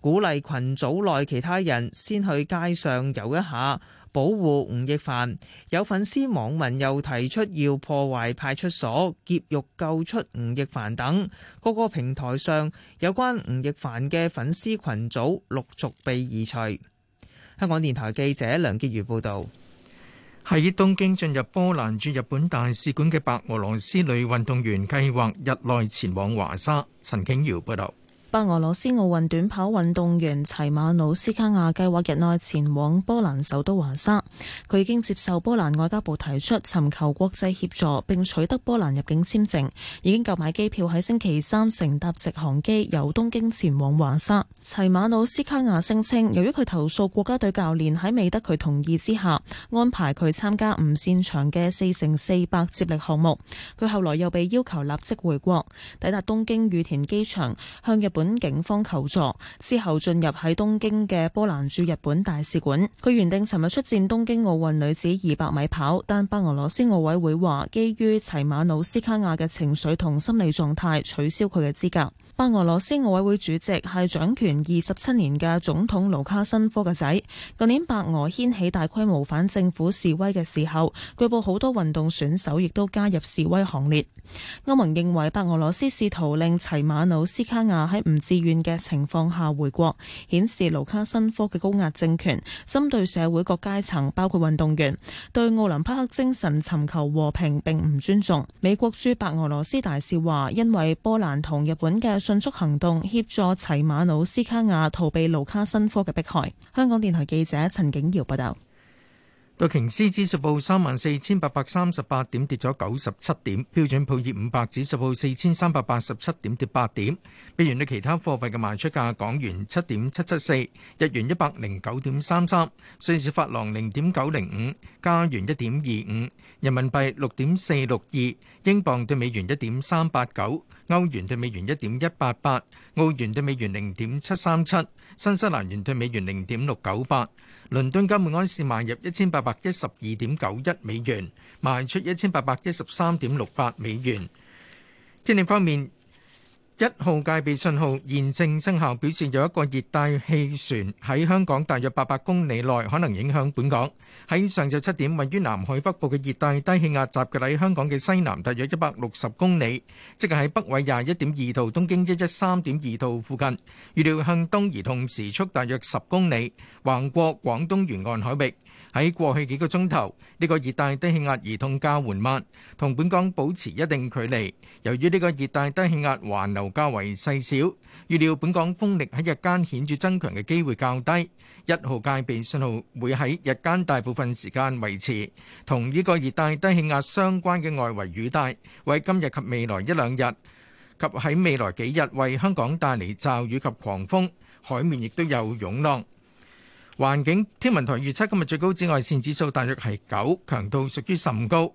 鼓勵群組內其他人先去街上游一下，保護吳亦凡。有粉絲網民又提出要破壞派出所、劫獄救出吳亦凡等。各個平台上有關吳亦凡嘅粉絲群組陸續被移除。香港電台記者梁潔如報導。喺東京進入波蘭駐日本大使館嘅白俄羅斯女運動員計劃日內前往華沙。陳景瑤報道。白俄羅斯奧運短跑運動員齊馬努斯卡亞計劃日內前往波蘭首都華沙，佢已經接受波蘭外交部提出尋求國際協助，並取得波蘭入境簽證，已經購買機票喺星期三乘搭直航機由東京前往華沙。齊馬努斯卡亞聲稱，由於佢投訴國家隊教練喺未得佢同意之下安排佢參加唔擅長嘅四乘四百接力項目，佢後來又被要求立即回國，抵達東京羽田機場向日本。本警方求助之後，進入喺東京嘅波蘭駐日本大使館。佢原定尋日出戰東京奧運女子二百米跑，但白俄羅斯奧委會話，基於齊馬努斯卡亞嘅情緒同心理狀態，取消佢嘅資格。白俄羅斯奧委會主席係掌權二十七年嘅總統盧卡申科嘅仔。舊年白俄掀起大規模反政府示威嘅時候，據報好多運動選手亦都加入示威行列。歐盟認為白俄羅斯試圖令齊馬努斯卡亞喺唔自願嘅情況下回國，顯示盧卡申科嘅高壓政權針對社會各階層，包括運動員，對奧林匹克精神尋求和平並唔尊重。美國駐白俄羅斯大使話：因為波蘭同日本嘅迅速行動協助齊馬努斯卡亞逃避盧卡申科嘅迫害。香港電台記者陳景堯報道。道瓊斯指數報三萬四千八百三十八點，跌咗九十七點。標準普爾五百指數報四千三百八十七點，跌八點。美元對其他貨幣嘅賣出價：港元七點七七四，日元一百零九點三三，瑞士法郎零點九零五，加元一點二五，人民幣六點四六二，英鎊對美元一點三八九，歐元對美元一點一八八，澳元對美元零點七三七，新西蘭元對美元零點六九八。倫敦金每安士買入一千八百一十二點九一美元，賣出一千八百一十三點六八美元。天氣方面。一號戒備信號現正生效，表示有一個熱帶氣旋喺香港大約八百公里內可能影響本港。喺上晝七點，位於南海北部嘅熱帶低氣壓集結喺香港嘅西南大約一百六十公里，即係喺北緯廿一點二度，東經一一三點二度附近。預料向東移動，時速大約十公里，橫過廣東沿岸海域。喺過去幾個鐘頭，呢個熱帶低氣壓移動較緩慢，同本港保持一定距離。由於呢個熱帶低氣壓環流較為細小，預料本港風力喺日間顯著增強嘅機會較低。一號戒備信號會喺日間大部分時間維持。同呢個熱帶低氣壓相關嘅外圍雨帶，為今日及未來一兩日及喺未來幾日為香港帶嚟驟雨及狂風，海面亦都有湧浪。環境天文台預測今日最高紫外線指數大約係九，強度屬於甚高。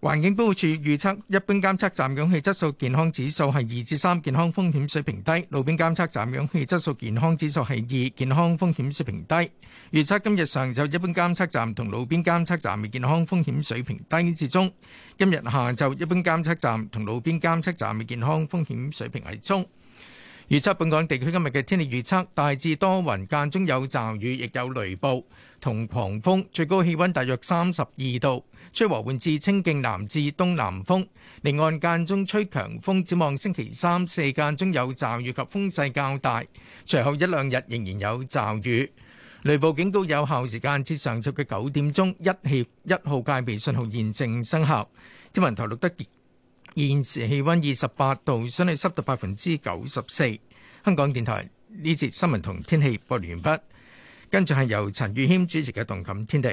環境保護署預測一般監測站空氣質素健康指數係二至三，3, 健康風險水平低；路邊監測站空氣質素健康指數係二，健康風險水平低。預測今日上晝一般監測站同路邊監測站嘅健康風險水平低至中；今日下晝一般監測站同路邊監測站嘅健康風險水平係中。預測本港地區今日嘅天氣預測大致多雲，間中有驟雨，亦有雷暴同狂風，最高氣温大約三十二度，吹和緩至清勁南至東南風。離岸間中吹強風，展望星期三、四間中有驟雨及風勢較大，隨後一兩日仍然有驟雨。雷暴警告有效時間至上晝嘅九點鐘，一號一號戒備信號現正生效。天文台錄得。現時氣溫二十八度，相對濕度百分之九十四。香港電台呢節新聞同天氣播完畢，跟住係由陳宇謙主持嘅《動感天地》。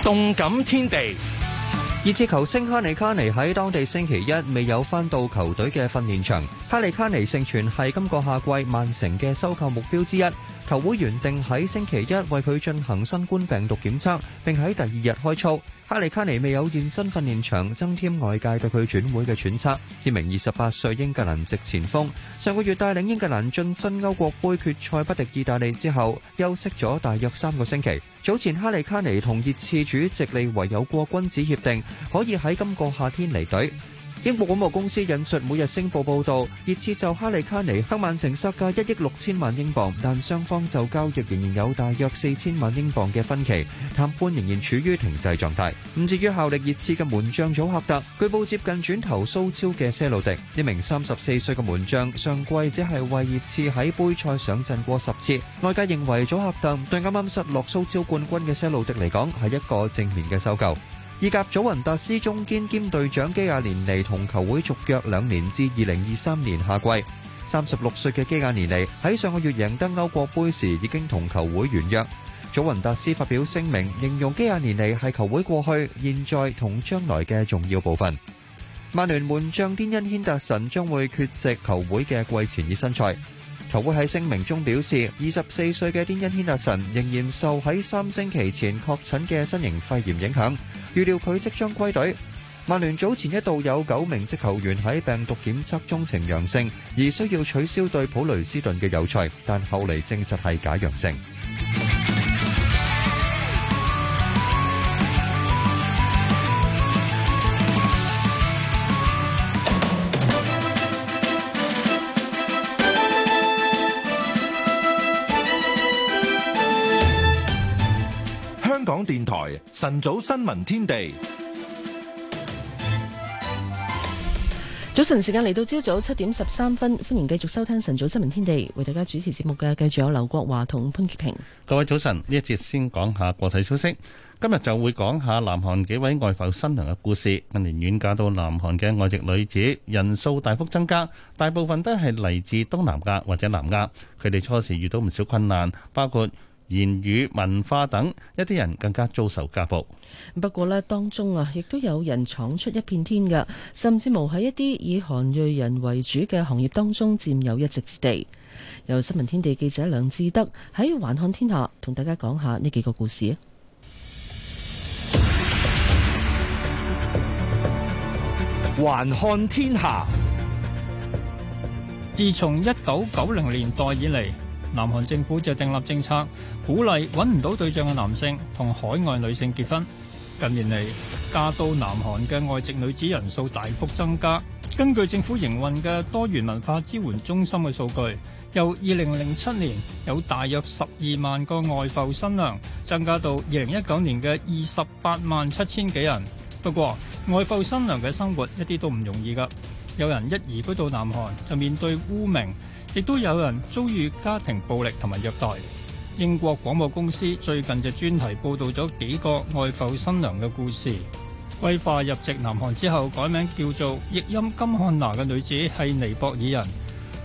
《動感天地》，熱刺球星卡尼卡尼喺當地星期一未有翻到球隊嘅訓練場。卡尼卡尼盛傳係今個夏季曼城嘅收購目標之一。球會原定喺星期一為佢進行新冠病毒檢測，並喺第二日開操。哈利卡尼未有現身訓練場，增添外界對佢轉會嘅揣測。一名二十八歲英格蘭籍前鋒，上個月帶領英格蘭晉身歐國杯決賽，不敵意大利之後，休息咗大約三個星期。早前哈利卡尼同熱刺主席利維有過君子協定，可以喺今個夏天離隊。英國廣播公司引述每日星報報道，熱刺就哈利卡尼黑曼城失價一億六千萬英鎊，但雙方就交易仍然有大約四千萬英鎊嘅分歧，談判仍然處於停滯狀態。唔至於效力熱刺嘅門將祖赫特，據報接近轉投蘇超嘅西路迪。一名三十四歲嘅門將上季只係為熱刺喺杯賽上陣過十次，外界認為祖赫特對啱啱失落蘇超冠軍嘅西路迪嚟講係一個正面嘅收購。以及祖雲達斯中堅兼隊長基亞連尼同球會續約兩年至二零二三年夏季。三十六歲嘅基亞連尼喺上個月贏得歐國杯時已經同球會完約。祖雲達斯發表聲明，形容基亞連尼係球會過去、現在同將來嘅重要部分。曼聯門將甸恩軒達臣將會缺席球會嘅季前熱身賽。球會喺聲明中表示，二十四歲嘅甸恩軒達臣仍然受喺三星期前確診嘅新型肺炎影響。預料佢即將歸隊。曼聯早前一度有九名職球員喺病毒檢測中呈陽性，而需要取消對普雷斯頓嘅友賽，但後嚟證實係假陽性。晨早新聞天地，早晨時間嚟到朝早七點十三分，歡迎繼續收聽晨早新聞天地，為大家主持節目嘅繼續有劉國華同潘潔平。各位早晨，呢一節先講下國際消息，今日就會講下南韓幾位外埠新娘嘅故事。近年遠嫁到南韓嘅外籍女子人數大幅增加，大部分都係嚟自東南亞或者南亞，佢哋初時遇到唔少困難，包括。言語、文化等，一啲人更加遭受家暴。不過呢，當中啊，亦都有人闖出一片天嘅，甚至無喺一啲以韓裔人為主嘅行業當中佔有一席之地。由新聞天地記者梁志德喺《橫看天下》同大家講下呢幾個故事。橫看天下，自從一九九零年代以嚟。南韓政府就訂立政策，鼓勵揾唔到對象嘅男性同海外女性結婚。近年嚟，嫁到南韓嘅外籍女子人數大幅增加。根據政府營運嘅多元文化支援中心嘅數據，由二零零七年有大約十二萬個外埠新娘，增加到二零一九年嘅二十八萬七千幾人。不過，外埠新娘嘅生活一啲都唔容易㗎。有人一移居到南韓就面對污名。亦都有人遭遇家庭暴力同埋虐待。英國廣播公司最近就專題報導咗幾個外埠新娘嘅故事。歸化入籍南韓之後，改名叫做譯音金漢娜嘅女子係尼泊爾人，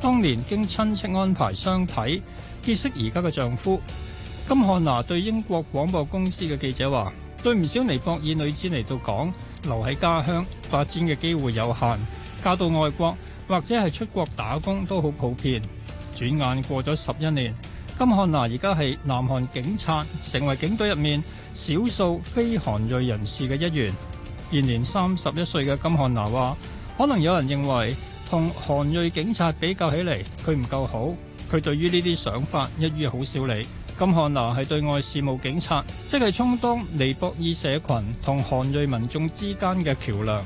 當年經親戚安排相睇，結識而家嘅丈夫。金漢娜對英國廣播公司嘅記者話：對唔少尼泊爾女子嚟到港，留喺家鄉發展嘅機會有限，嫁到外國。或者係出國打工都好普遍。轉眼過咗十一年，金漢娜而家係南韓警察，成為警隊入面少數非韓裔人士嘅一員。現年三十一歲嘅金漢娜話，可能有人認為同韓裔警察比較起嚟，佢唔夠好。佢對於呢啲想法一於好少理。金漢娜係對外事務警察，即係充當尼泊爾社群同韓裔民眾之間嘅橋梁。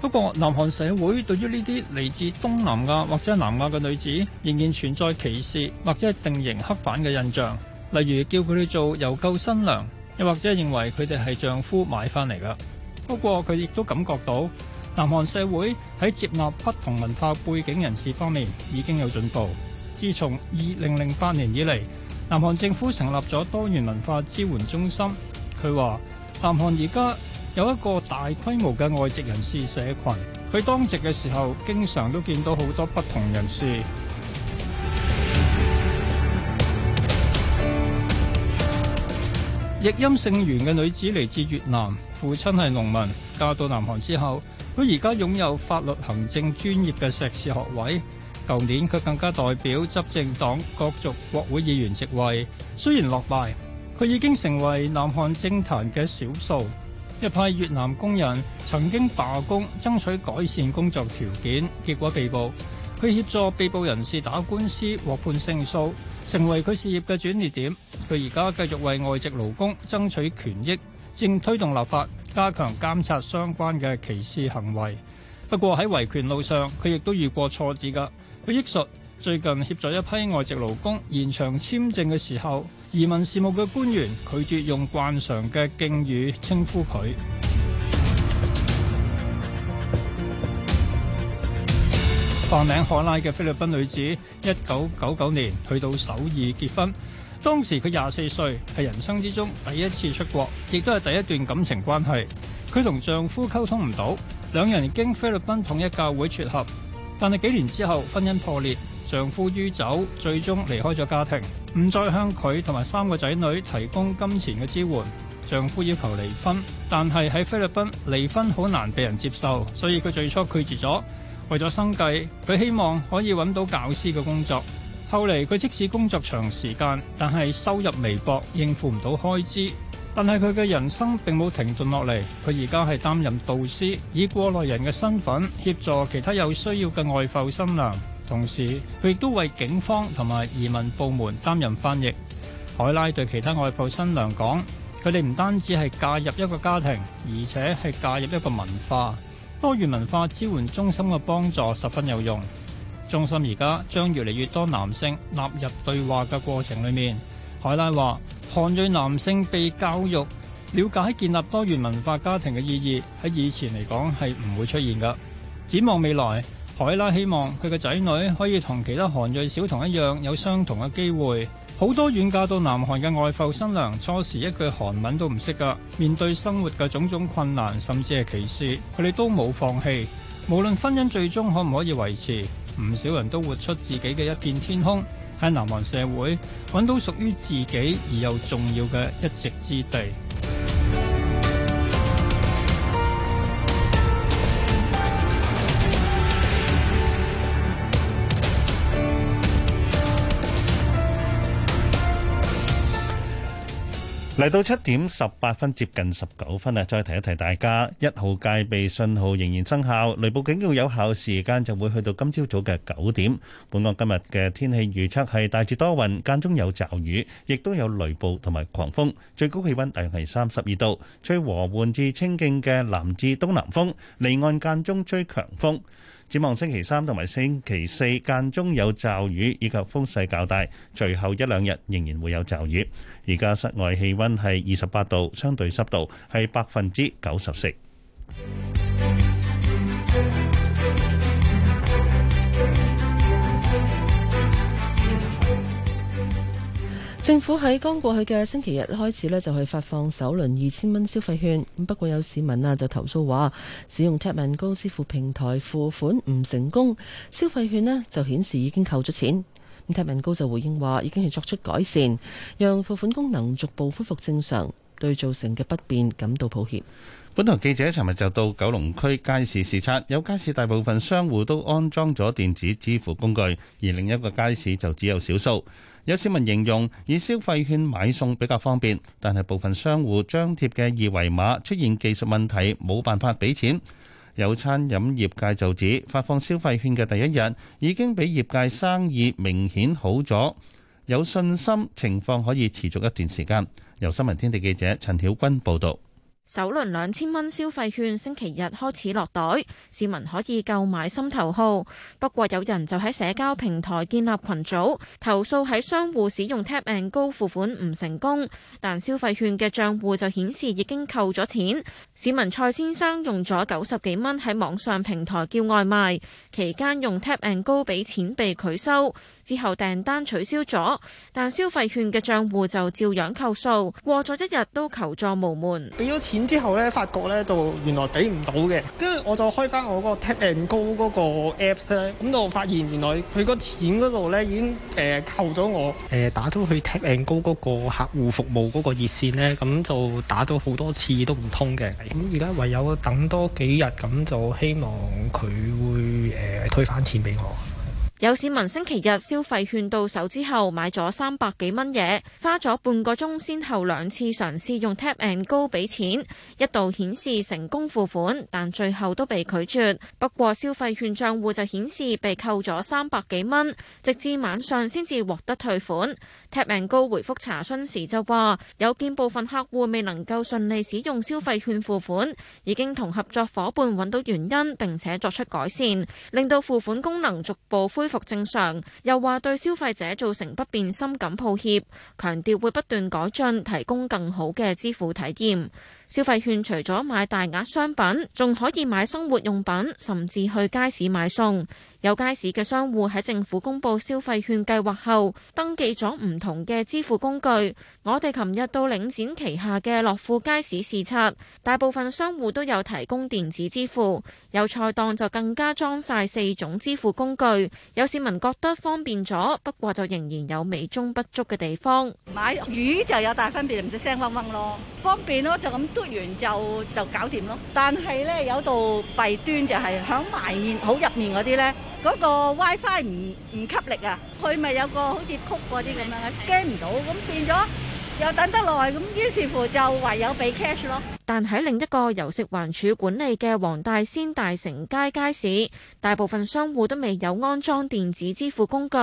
不過，南韓社會對於呢啲嚟自東南亞或者係南亞嘅女子，仍然存在歧視或者係定型刻板嘅印象。例如叫佢哋做郵購新娘，又或者認為佢哋係丈夫買翻嚟噶。不過佢亦都感覺到，南韓社會喺接納不同文化背景人士方面已經有進步。自從2008年以嚟，南韓政府成立咗多元文化支援中心。佢話：南韓而家有一個大規模嘅外籍人士社群，佢當值嘅時候，經常都見到好多不同人士。譯音姓袁嘅女子嚟自越南，父親係農民。嫁到南韓之後，佢而家擁有法律行政專業嘅碩士學位。舊年佢更加代表執政黨角逐國會議員席位，雖然落敗，佢已經成為南韓政壇嘅少數。一派越南工人曾經罷工爭取改善工作條件，結果被捕。佢協助被捕人士打官司獲判勝訴，成為佢事業嘅轉折點，佢而家繼續為外籍勞工爭取權益，正推動立法加強監察相關嘅歧視行為。不過喺維權路上，佢亦都遇過挫折㗎，佢憶述。最近協助一批外籍勞工延長簽證嘅時候，移民事務嘅官員拒絕用慣常嘅敬語稱呼佢。房 名可拉嘅菲律賓女子，一九九九年去到首爾結婚，當時佢廿四歲，係人生之中第一次出國，亦都係第一段感情關係。佢同丈夫溝通唔到，兩人經菲律賓統一教會撮合，但係幾年之後婚姻破裂。丈夫於走，最終離開咗家庭，唔再向佢同埋三個仔女提供金錢嘅支援。丈夫要求離婚，但係喺菲律賓離婚好難被人接受，所以佢最初拒絕咗。為咗生計，佢希望可以揾到教師嘅工作。後嚟佢即使工作長時間，但係收入微薄，應付唔到開支。但係佢嘅人生並冇停頓落嚟，佢而家係擔任導師，以過來人嘅身份協助其他有需要嘅外埠新娘。同時，佢亦都為警方同埋移民部門擔任翻譯。海拉對其他外埠新娘講，佢哋唔單止係嫁入一個家庭，而且係嫁入一個文化。多元文化支援中心嘅幫助十分有用。中心而家將越嚟越多男性納入對話嘅過程裏面。海拉話，韓裔男性被教育了解建立多元文化家庭嘅意義，喺以前嚟講，係唔會出現嘅。展望未來。海拉希望佢嘅仔女可以同其他韓裔小童一樣，有相同嘅機會。好多遠嫁到南韓嘅外埠新娘初時一句韓文都唔識噶，面對生活嘅種種困難甚至係歧視，佢哋都冇放棄，無論婚姻最終可唔可以維持，唔少人都活出自己嘅一片天空，喺南韓社會揾到屬於自己而又重要嘅一席之地。嚟到七點十八分，接近十九分啊！再提一提大家，一號戒備信號仍然生效，雷暴警告有效時間就會去到今朝早嘅九點。本港今日嘅天氣預測係大致多雲，間中有驟雨，亦都有雷暴同埋狂風，最高氣温大約係三十二度，吹和緩至清勁嘅南至東南風，離岸間中吹強風。展望星期三同埋星期四間中有驟雨，以及風勢較大。最後一兩日仍然會有驟雨。而家室外氣温係二十八度，相對濕度係百分之九十四。政府喺剛過去嘅星期日開始呢就去發放首輪二千蚊消費券。不過有市民啊就投訴話，使用 Tap and Go 支付平台付款唔成功，消費券呢就顯示已經扣咗錢。咁 Tap and Go 就回應話，已經係作出改善，讓付款功能逐步恢復正常，對造成嘅不便感到抱歉。本台記者尋日就到九龍區街市視察，有街市大部分商戶都安裝咗電子支付工具，而另一個街市就只有少數。有市民形容以消費券買餸比較方便，但係部分商戶張貼嘅二維碼出現技術問題，冇辦法俾錢，有餐飲業界就指發放消費券嘅第一日已經比業界生意明顯好咗，有信心情況可以持續一段時間，由新聞天地記者陳曉君報道。首輪兩千蚊消費券星期日開始落袋，市民可以購買心頭號。不過有人就喺社交平台建立群組投訴，喺商戶使用 tap and go 付款唔成功，但消費券嘅賬戶就顯示已經扣咗錢。市民蔡先生用咗九十幾蚊喺網上平台叫外賣，期間用 tap and go 俾錢被拒收。之後訂單取消咗，但消費券嘅賬戶就照樣扣數，過咗一日都求助無門。俾咗錢之後咧，發覺咧就原來俾唔到嘅，跟住我就開翻我嗰個 Tap and Go 嗰個 apps 咧，咁就發現原來佢個錢嗰度咧已經誒、呃、扣咗我。誒，打咗去 Tap and Go 嗰個客戶服務嗰個熱線咧，咁就打咗好多次都唔通嘅，咁而家唯有等多幾日，咁就希望佢會誒退翻錢俾我。有市民星期日消費券到手之後買咗三百幾蚊嘢，花咗半個鐘，先後兩次嘗試用 Tap and Go 俾錢，一度顯示成功付款，但最後都被拒絕。不過消費券賬戶就顯示被扣咗三百幾蚊，直至晚上先至獲得退款。Tap and Go 回覆查詢時就話，有見部分客戶未能夠順利使用消費券付款，已經同合作夥伴揾到原因並且作出改善，令到付款功能逐步恢恢復正常，又話對消費者造成不便，深感抱歉，強調會不斷改進，提供更好嘅支付體驗。消費券除咗買大額商品，仲可以買生活用品，甚至去街市買餸。有街市嘅商戶喺政府公布消費券計劃後，登記咗唔同嘅支付工具。我哋琴日到領展旗下嘅樂富街市視察，大部分商戶都有提供電子支付，有菜檔就更加裝晒四種支付工具。有市民覺得方便咗，不過就仍然有美中不足嘅地方。買魚就有大分別，唔使聲嗡嗡囉，方便囉，就噉。出完就就搞掂咯，但係咧，有道弊端就係響埋面好入面嗰啲咧，嗰、嗰個 WiFi 唔唔給力啊，佢咪有個好似曲嗰啲咁樣 scan 唔到，咁變咗。又等得耐，咁於是乎就唯有俾 cash 咯。但喺另一個由食環署管理嘅黃大仙大成街街市，大部分商戶都未有安裝電子支付工具。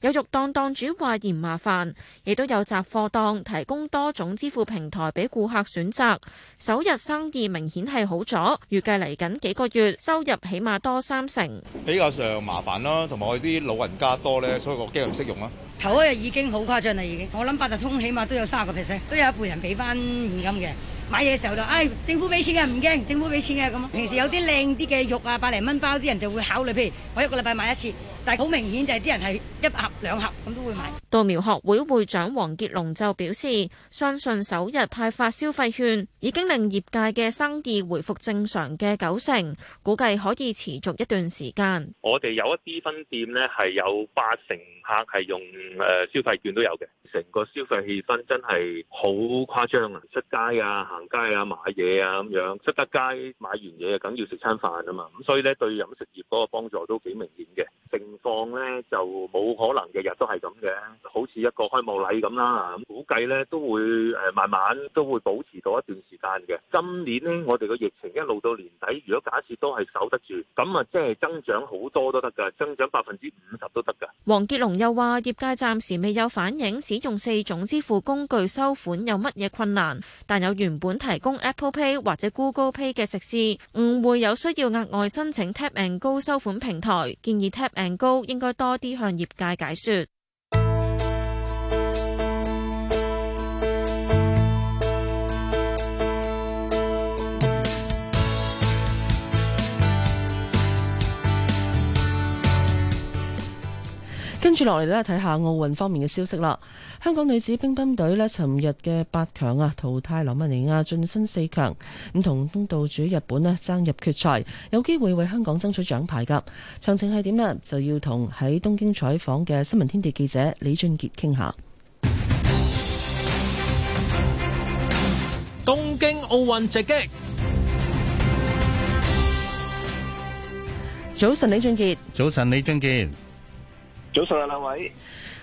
有肉檔檔主話嫌麻煩，亦都有雜貨檔提供多種支付平台俾顧客選擇。首日生意明顯係好咗，預計嚟緊幾個月收入起碼多三成。比較上麻煩啦，同埋我啲老人家多呢，所以我驚唔識用啊。頭嗰日已經好誇張啦！已經我諗八達通起碼都有三十個 percent，都有一半人俾翻現金嘅。買嘢嘅時候就唉、哎，政府俾錢嘅唔驚，政府俾錢嘅。咁平時有啲靚啲嘅肉啊，百零蚊包啲人就會考慮，譬如我一個禮拜買一次，但係好明顯就係啲人係一盒兩盒咁都會買。稻苗學會會、會長黃傑龍就表示，相信首日派發消費券已經令業界嘅生意回復正常嘅九成，估計可以持續一段時間。我哋有一啲分店呢係有八成。客係用誒消費券都有嘅，成個消費氣氛真係好誇張，出街啊、行街啊、買嘢啊咁樣，出得街買完嘢梗要食餐飯啊嘛，咁所以咧對飲食業嗰個幫助都幾明顯嘅。情況咧就冇可能日日都係咁嘅，好似一個開幕禮咁啦，咁估計咧都會誒慢慢都會保持到一段時間嘅。今年咧我哋個疫情一路到年底，如果假設都係守得住，咁啊即係增長好多都得㗎，增長百分之五十都得㗎。黃杰龍。又話業界暫時未有反映使用四種支付工具收款有乜嘢困難，但有原本提供 Apple Pay 或者 Google Pay 嘅食肆誤會有需要額外申請 Tap and Go 收款平台，建議 Tap and Go 應該多啲向業界解說。跟住落嚟呢，睇下奧運方面嘅消息啦。香港女子乒乓隊呢，尋日嘅八強啊，淘汰羅馬尼亞，晉身四強，咁同東道主日本呢爭入決賽，有機會為香港爭取獎牌噶。詳情係點呢？就要同喺東京採訪嘅新聞天地記者李俊杰傾下。東京奧運直擊。早晨，李俊杰。早晨，李俊杰。早上啊，兩位，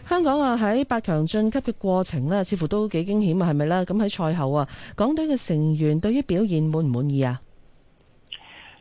香港啊喺八強晉級嘅過程呢，似乎都幾驚險啊，係咪咧？咁喺賽後啊，港隊嘅成員對於表現滿唔滿意啊？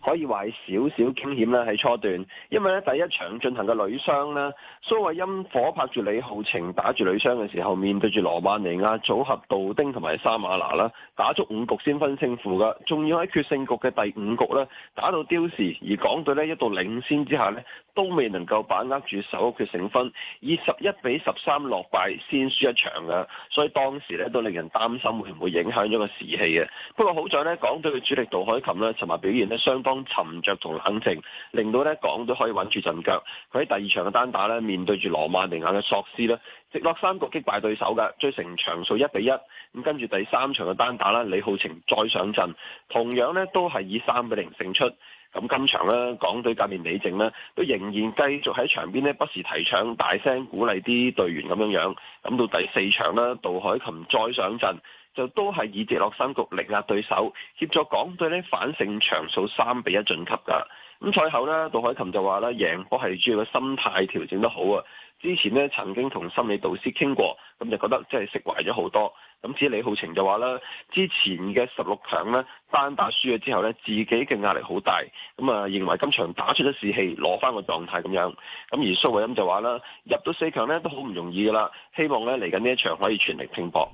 可以話係少少驚險啦，喺初段，因為呢第一場進行嘅女雙呢，蘇慧音火拍住李浩晴打住女雙嘅時候，面對住羅馬尼亞組合杜丁同埋沙馬拿啦，打足五局先分勝負噶，仲要喺決勝局嘅第五局呢，打到丟時，而港隊呢一度領先之下呢。都未能夠把握住手嘅勝分，以十一比十三落敗，先輸一場嘅，所以當時咧都令人擔心會唔會影響咗個士氣嘅。不過好在呢，港隊嘅主力杜海琴呢，尋日表現呢，相當沉着同冷靜，令到呢港隊可以穩住陣腳。佢喺第二場嘅單打呢，面對住羅曼尼亞嘅索斯咧，直落三局擊敗對手嘅，追成場數一比一。咁跟住第三場嘅單打咧，李浩晴再上陣，同樣呢，都係以三比零勝出。咁今場咧，港隊教練李靜咧都仍然繼續喺場邊咧不時提倡、大聲鼓勵啲隊員咁樣樣。咁到第四場咧，杜凱琹再上陣。就都係以直落三局力壓對手協助港隊咧反勝場數三比一晉級㗎。咁賽後呢，杜凱琹就話咧贏波係主要嘅心態調整得好啊。之前呢，曾經同心理導師傾過，咁就覺得即係釋懷咗好多。咁至於李皓晴就話咧，之前嘅十六強呢，單打輸咗之後呢，自己嘅壓力好大。咁啊，認為今場打出咗士氣，攞翻個狀態咁樣。咁而蘇慧音就話咧，入到四強呢，都好唔容易㗎啦，希望呢嚟緊呢一場可以全力拼搏。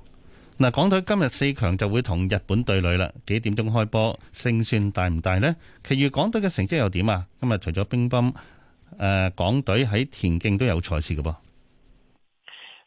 嗱，港隊今日四強就會同日本對壘啦，幾點鐘開波？勝算大唔大呢？其餘港隊嘅成績又點啊？今日除咗乒乓，誒、呃，港隊喺田徑都有賽事㗎噃。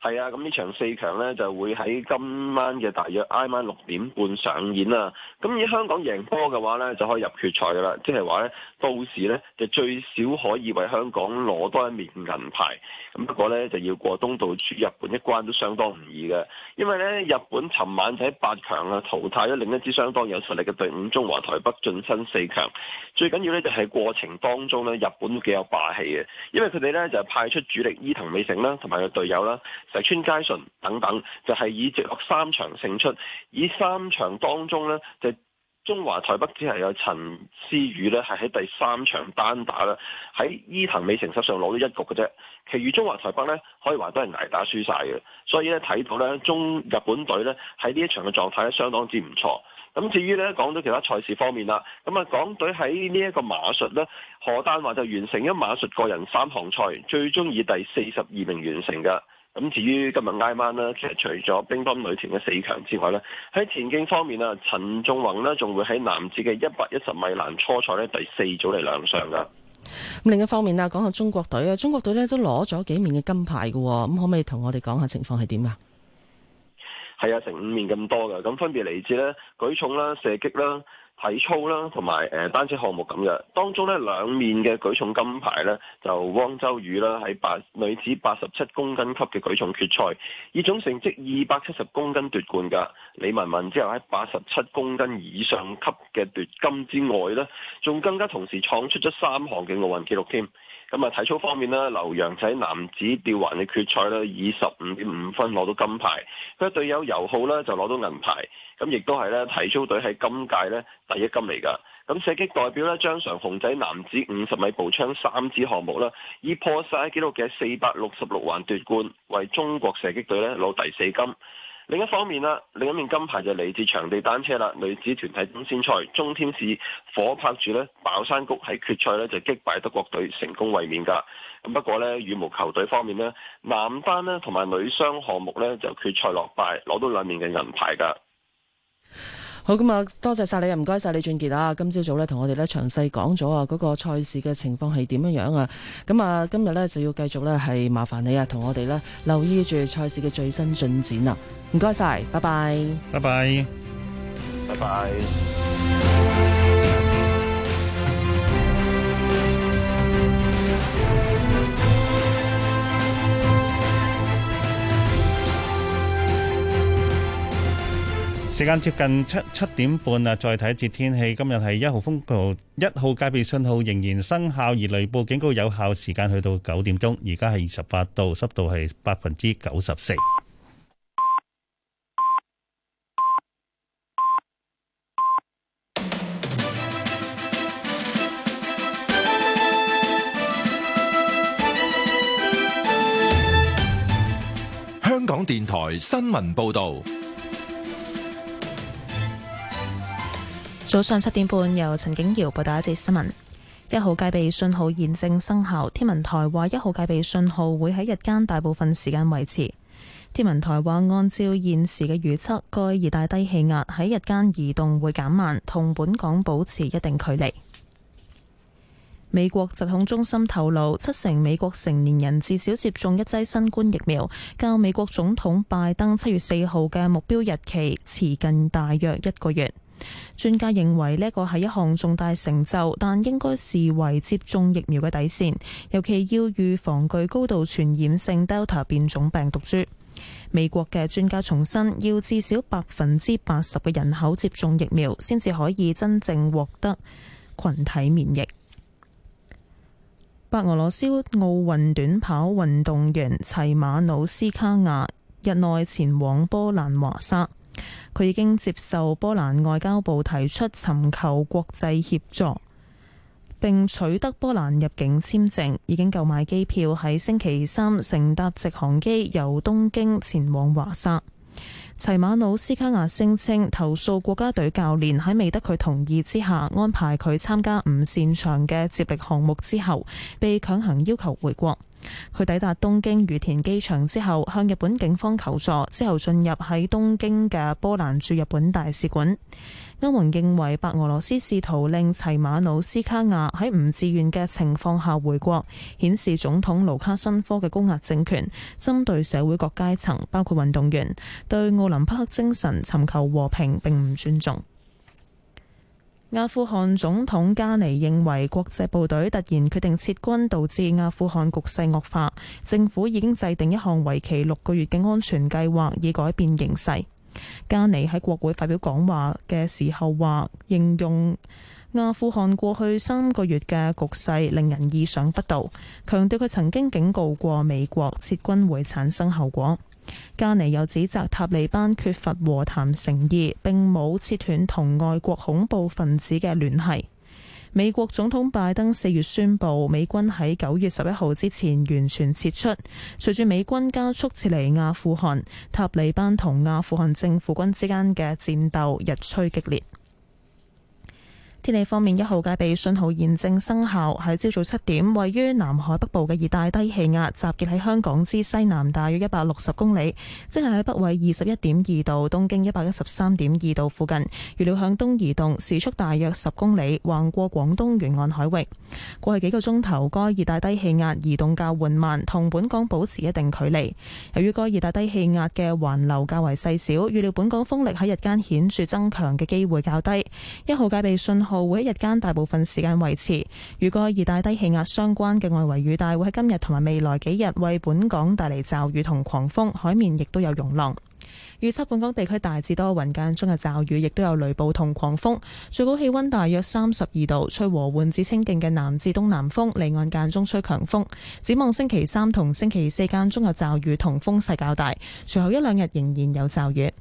係啊，咁呢場四強咧就會喺今晚嘅大約挨晚六點半上演啦。咁以香港贏波嘅話咧，就可以入決賽㗎啦。即係話咧，到時咧就最少可以為香港攞多一面銀牌。咁不過咧就要過東道主日本一關都相當唔易嘅，因為咧日本尋晚就喺八強啊淘汰咗另一支相當有實力嘅隊伍中華台北晉身四強。最緊要咧就係過程當中咧，日本幾有霸氣嘅，因為佢哋咧就派出主力伊藤美誠啦，同埋個隊友啦。就川佳純等等，就係、是、以直落三場勝出，以三場當中咧，就是、中華台北只係有陳思宇咧，係喺第三場單打啦，喺伊藤美誠身上攞咗一局嘅啫，其餘中華台北咧可以話都係捱打輸晒嘅，所以咧睇到咧中日本隊咧喺呢一場嘅狀態咧相當之唔錯。咁至於咧講到其他賽事方面啦，咁啊港隊喺呢一個馬術咧，何丹華就完成咗馬術個人三項賽，最終以第四十二名完成㗎。咁至於今日挨晚咧，其實除咗乒乓女團嘅四強之外咧，喺田徑方面啊，陳仲宏咧仲會喺男子嘅一百一十米欄初賽咧第四組嚟亮相㗎。咁另一方面啊，講下中國隊啊，中國隊咧都攞咗幾面嘅金牌㗎，咁可唔可以同我哋講下情況係點啊？係啊，成五面咁多㗎，咁分別嚟自咧舉重啦、射擊啦。體操啦，同埋誒單車項目咁嘅，當中咧兩面嘅舉重金牌咧，就汪周雨啦，喺八女子八十七公斤級嘅舉重決賽，以總成績二百七十公斤奪冠㗎。李雯雯之後喺八十七公斤以上級嘅奪金之外咧，仲更加同時創出咗三項嘅奧運紀錄添。咁啊！體操方面咧，劉洋仔男子吊環嘅決賽呢，以十五點五分攞到金牌。佢隊友尤浩呢，就攞到銀牌。咁亦都係呢體操隊喺今屆呢第一金嚟㗎。咁射擊代表呢張常鴻仔男子五十米步槍三姿項目咧，以破世界紀錄嘅四百六十六環奪冠，為中國射擊隊呢攞第四金。另一方面啦，另一面金牌就嚟自場地單車啦，女子團體爭先賽，鍾天使夥拍住咧，鮑珊菊喺決賽咧就擊敗德國隊，成功衛冕噶。咁不過咧，羽毛球隊方面呢，男單咧同埋女雙項目咧就決賽落敗，攞到兩面嘅銀牌噶。好，咁啊，多謝晒你啊，唔該晒李俊杰啊，今朝早咧同我哋咧詳細講咗啊，嗰個賽事嘅情況係點樣樣啊，咁啊，今日咧就要繼續咧係麻煩你啊，同我哋咧留意住賽事嘅最新進展啊，唔該晒，拜拜，拜拜，拜拜。拜拜。時間接近七七點半啊！再睇一節天氣，今日係一號風球，一號戒備信號仍然生效，而雷暴警告有效時間去到九點鐘。而家係二十八度，濕度係百分之九十四。香港電台新聞報道。早上七點半，由陳景瑤報道一節新聞。一號戒備信號現正生效，天文台話一號戒備信號會喺日間大部分時間維持。天文台話，按照現時嘅預測，該熱帶低氣壓喺日間移動會減慢，同本港保持一定距離。美國疾控中心透露，七成美國成年人至少接種一劑新冠疫苗，較美國總統拜登七月四號嘅目標日期遲近大約一個月。專家認為呢個係一項重大成就，但應該視為接種疫苗嘅底線，尤其要預防具高度傳染性 Delta 變種病毒株。美國嘅專家重申，要至少百分之八十嘅人口接種疫苗，先至可以真正獲得群體免疫。白俄羅斯奧運短跑運動員齊馬努斯卡亞日內前往波蘭華沙。佢已經接受波蘭外交部提出尋求國際協助，並取得波蘭入境簽證，已經購買機票，喺星期三乘搭直航機由東京前往華沙。齊馬努斯卡亞聲稱，投訴國家隊教練喺未得佢同意之下安排佢參加唔擅長嘅接力項目之後，被強行要求回國。佢抵達東京羽田機場之後，向日本警方求助，之後進入喺東京嘅波蘭駐日本大使館。歐盟認為白俄羅斯試圖令齊馬努斯卡亞喺唔自願嘅情況下回國，顯示總統盧卡申科嘅高壓政權針對社會各階層，包括運動員，對奧林匹克精神尋求和平並唔尊重。阿富汗總統加尼認為，國際部隊突然決定撤軍，導致阿富汗局勢惡化。政府已經制定一項為期六個月嘅安全計劃，以改變形勢。加尼喺國會發表講話嘅時候話，形容阿富汗過去三個月嘅局勢，令人意想不到，強調佢曾經警告過美國撤軍會產生後果。加尼又指責塔利班缺乏和談誠意，並冇切斷同外國恐怖分子嘅聯繫。美國總統拜登四月宣布，美軍喺九月十一號之前完全撤出。隨住美軍加速撤離阿富汗，塔利班同阿富汗政府軍之間嘅戰鬥日趨激烈。天氣方面，一號戒備信號現正生效。喺朝早七點，位於南海北部嘅熱帶低氣壓集結喺香港之西南，大約一百六十公里，即係喺北緯二十一點二度、東經一百一十三點二度附近。預料向東移動，時速大約十公里，橫過廣東沿岸海域。過去幾個鐘頭，該熱帶低氣壓移動較緩慢，同本港保持一定距離。由於該熱帶低氣壓嘅環流較為細小，預料本港風力喺日間顯著增強嘅機會較低。一號戒備信號。霧會喺日間大部分時間維持，如果熱帶低氣壓相關嘅外圍雨帶會喺今日同埋未來幾日為本港帶嚟驟雨同狂風，海面亦都有湧浪。預測本港地區大致多雲間中有驟雨，亦都有雷暴同狂風，最高氣溫大約三十二度，吹和緩至清勁嘅南至東南風，離岸間中吹強風。展望星期三同星期四間中有驟雨同風勢較大，隨後一兩日仍然有驟雨。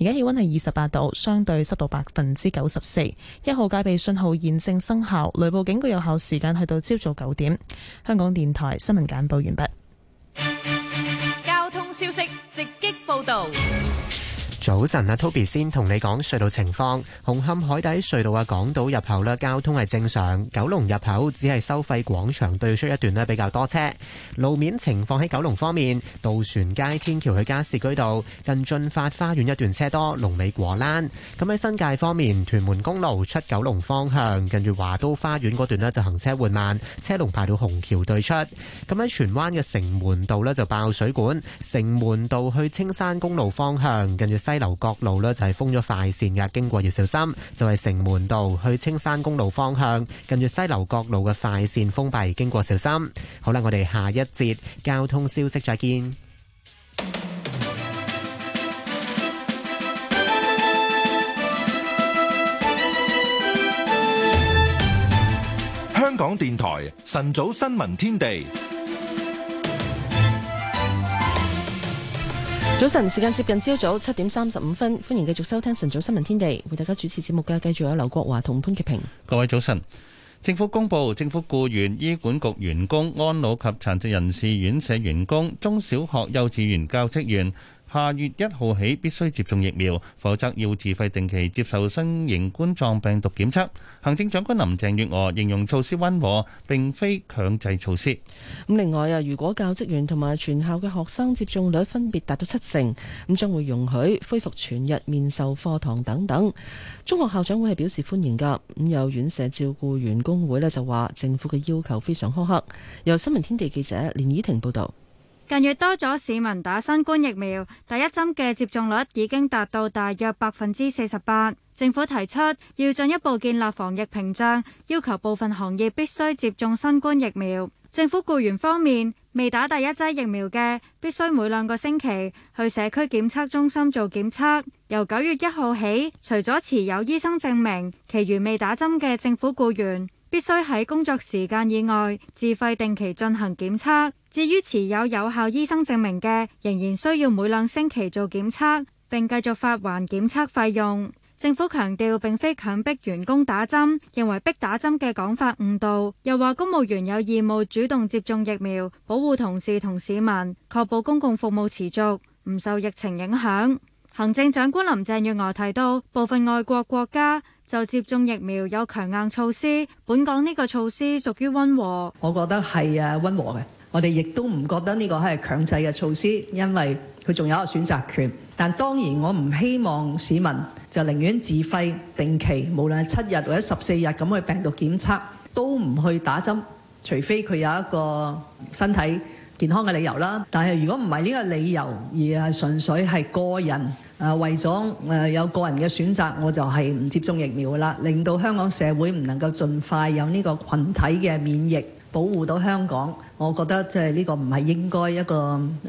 而家氣溫係二十八度，相對濕度百分之九十四，一號戒備信號現正生效，雷暴警告有效時間去到朝早九點。香港電台新聞簡報完畢。消息直擊報導。早晨啊，Toby 先同你講隧道情況。紅磡海底隧道嘅港島入口咧，交通係正常。九龍入口只係收費廣場對出一段咧比較多車。路面情況，喺九龍方面，渡船街天橋去加士居道近駿發花園一段車多，龍尾果欄。咁喺新界方面，屯門公路出九龍方向，跟住華都花園嗰段，咧就行車緩慢，車龍排到虹橋對出。咁喺荃灣嘅城門道咧就爆水管，城門道去青山公路方向跟住。西樓角路咧就係封咗快線㗎，經過要小心。就係城門道去青山公路方向，近住西樓角路嘅快線封閉，經過小心。好啦，我哋下一節交通消息再見。香港電台晨早新聞天地。早晨，時間接近朝早七點三十五分，歡迎繼續收聽晨早新聞天地。為大家主持節目嘅，繼續有劉國華同潘潔平。各位早晨，政府公布政府僱員、醫管局員工、安老及殘疾人士院舍員工、中小學、幼稚園教職員。下月一號起必須接種疫苗，否則要自費定期接受新型冠狀病毒檢測。行政長官林鄭月娥形容措施溫和，並非強制措施。咁另外啊，如果教職員同埋全校嘅學生接種率分別達到七成，咁將會容許恢復全日面授課堂等等。中學校長會係表示歡迎㗎。咁有院舍照顧員工會咧就話，政府嘅要求非常苛刻。由新聞天地記者連以婷報導。近月多咗市民打新冠疫苗，第一針嘅接種率已經達到大約百分之四十八。政府提出要進一步建立防疫屏障，要求部分行業必須接種新冠疫苗。政府僱員方面，未打第一劑疫苗嘅必須每兩個星期去社區檢測中心做檢測。由九月一號起，除咗持有醫生證明，其餘未打針嘅政府僱員。必須喺工作時間以外自費定期進行檢測。至於持有有效醫生證明嘅，仍然需要每兩星期做檢測，並繼續發還檢測費用。政府強調，並非強迫員工打針，認為逼打針嘅講法誤導。又話公務員有義務主動接種疫苗，保護同事同市民，確保公共服務持續，唔受疫情影響。行政長官林鄭月娥提到，部分外國國家。就接種疫苗有強硬措施，本港呢個措施屬於温和，我覺得係啊温和嘅。我哋亦都唔覺得呢個係強制嘅措施，因為佢仲有一個選擇權。但當然，我唔希望市民就寧願自費定期，無論係七日或者十四日咁去病毒檢測，都唔去打針，除非佢有一個身體健康嘅理由啦。但係如果唔係呢個理由，而係純粹係個人。誒、啊、為咗、呃、有個人嘅選擇，我就係唔接種疫苗啦，令到香港社會唔能夠盡快有呢個群體嘅免疫保護到香港，我覺得即係呢個唔係應該一個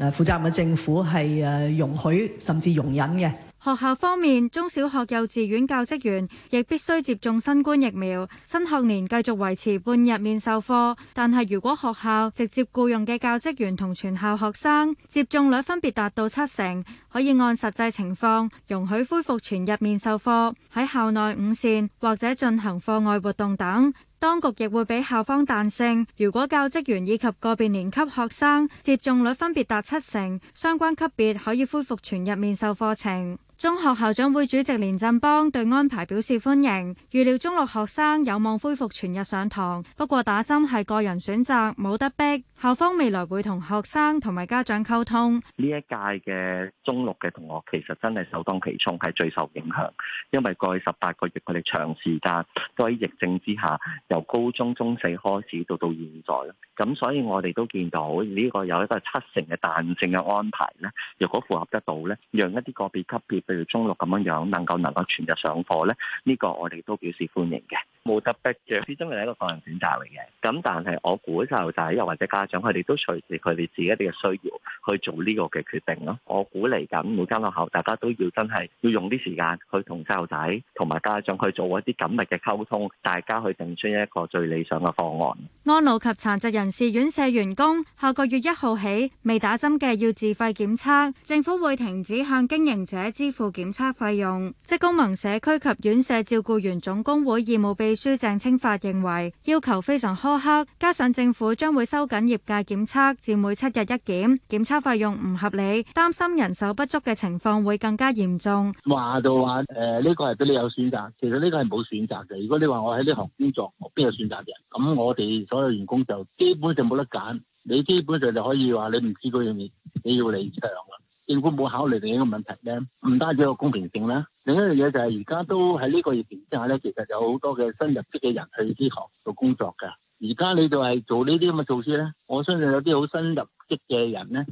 誒負、呃、責任嘅政府係、呃、容許甚至容忍嘅。學校方面，中小學、幼稚園教職員亦必須接種新冠疫苗。新學年繼續維持半日面授課，但係如果學校直接僱傭嘅教職員同全校學生接種率分別達到七成，可以按實際情況容許恢復全日面授課喺校內午膳或者進行課外活動等。當局亦會俾校方彈性，如果教職員以及個別年級學生接種率分別達七成，相關級別可以恢復全日面授課程。中學校長會主席連振邦對安排表示歡迎，預料中六學生有望恢復全日上堂，不過打針係個人選擇，冇得逼。校方未來會同學生同埋家長溝通。呢一屆嘅中六嘅同學其實真係首當其衝係最受影響，因為過去十八個月佢哋長時間都喺疫症之下，由高中中四開始到到現在，咁所以我哋都見到呢個有一個七成嘅彈性嘅安排呢，如果符合得到呢，讓一啲個別級別。例如中六咁樣樣，能夠能夠全日上課咧，呢、呢個我哋都表示歡迎嘅。冇特別嘅，始終係一個個人選擇嚟嘅。咁但係我估細路仔又或者家長，佢哋都隨時佢哋自己一啲嘅需要去做呢個嘅決定咯。我估嚟緊每間學校，大家都要真係要用啲時間去同細路仔同埋家長去做一啲緊密嘅溝通，大家去定出一個最理想嘅方案。安老及殘疾人士院舍員工，下個月一號起，未打針嘅要自費檢測，政府會停止向經營者支付檢測費用。職工盟社區及院舍照顧員總工會義務被秘書鄭清發認為要求非常苛刻，加上政府將會收緊業界檢測，至每七日一檢，檢測費用唔合理，擔心人手不足嘅情況會更加嚴重。話就話誒，呢，呃，呢個係俾你有選擇，其實呢個係冇選擇嘅。如果你話我喺呢行工作，我邊有選擇嘅？咁我哋所有員工就基本上冇得揀，你基本上就可以話你唔知道要你你要離場啦。政府冇考慮另一個問題咧，唔單止有公平性啦，另一樣嘢就係而家都喺呢個疫情之下咧，其實有好多嘅新入職嘅人去呢行做工作㗎。而家你就係做呢啲咁嘅措施咧，我相信有啲好新入職嘅人咧，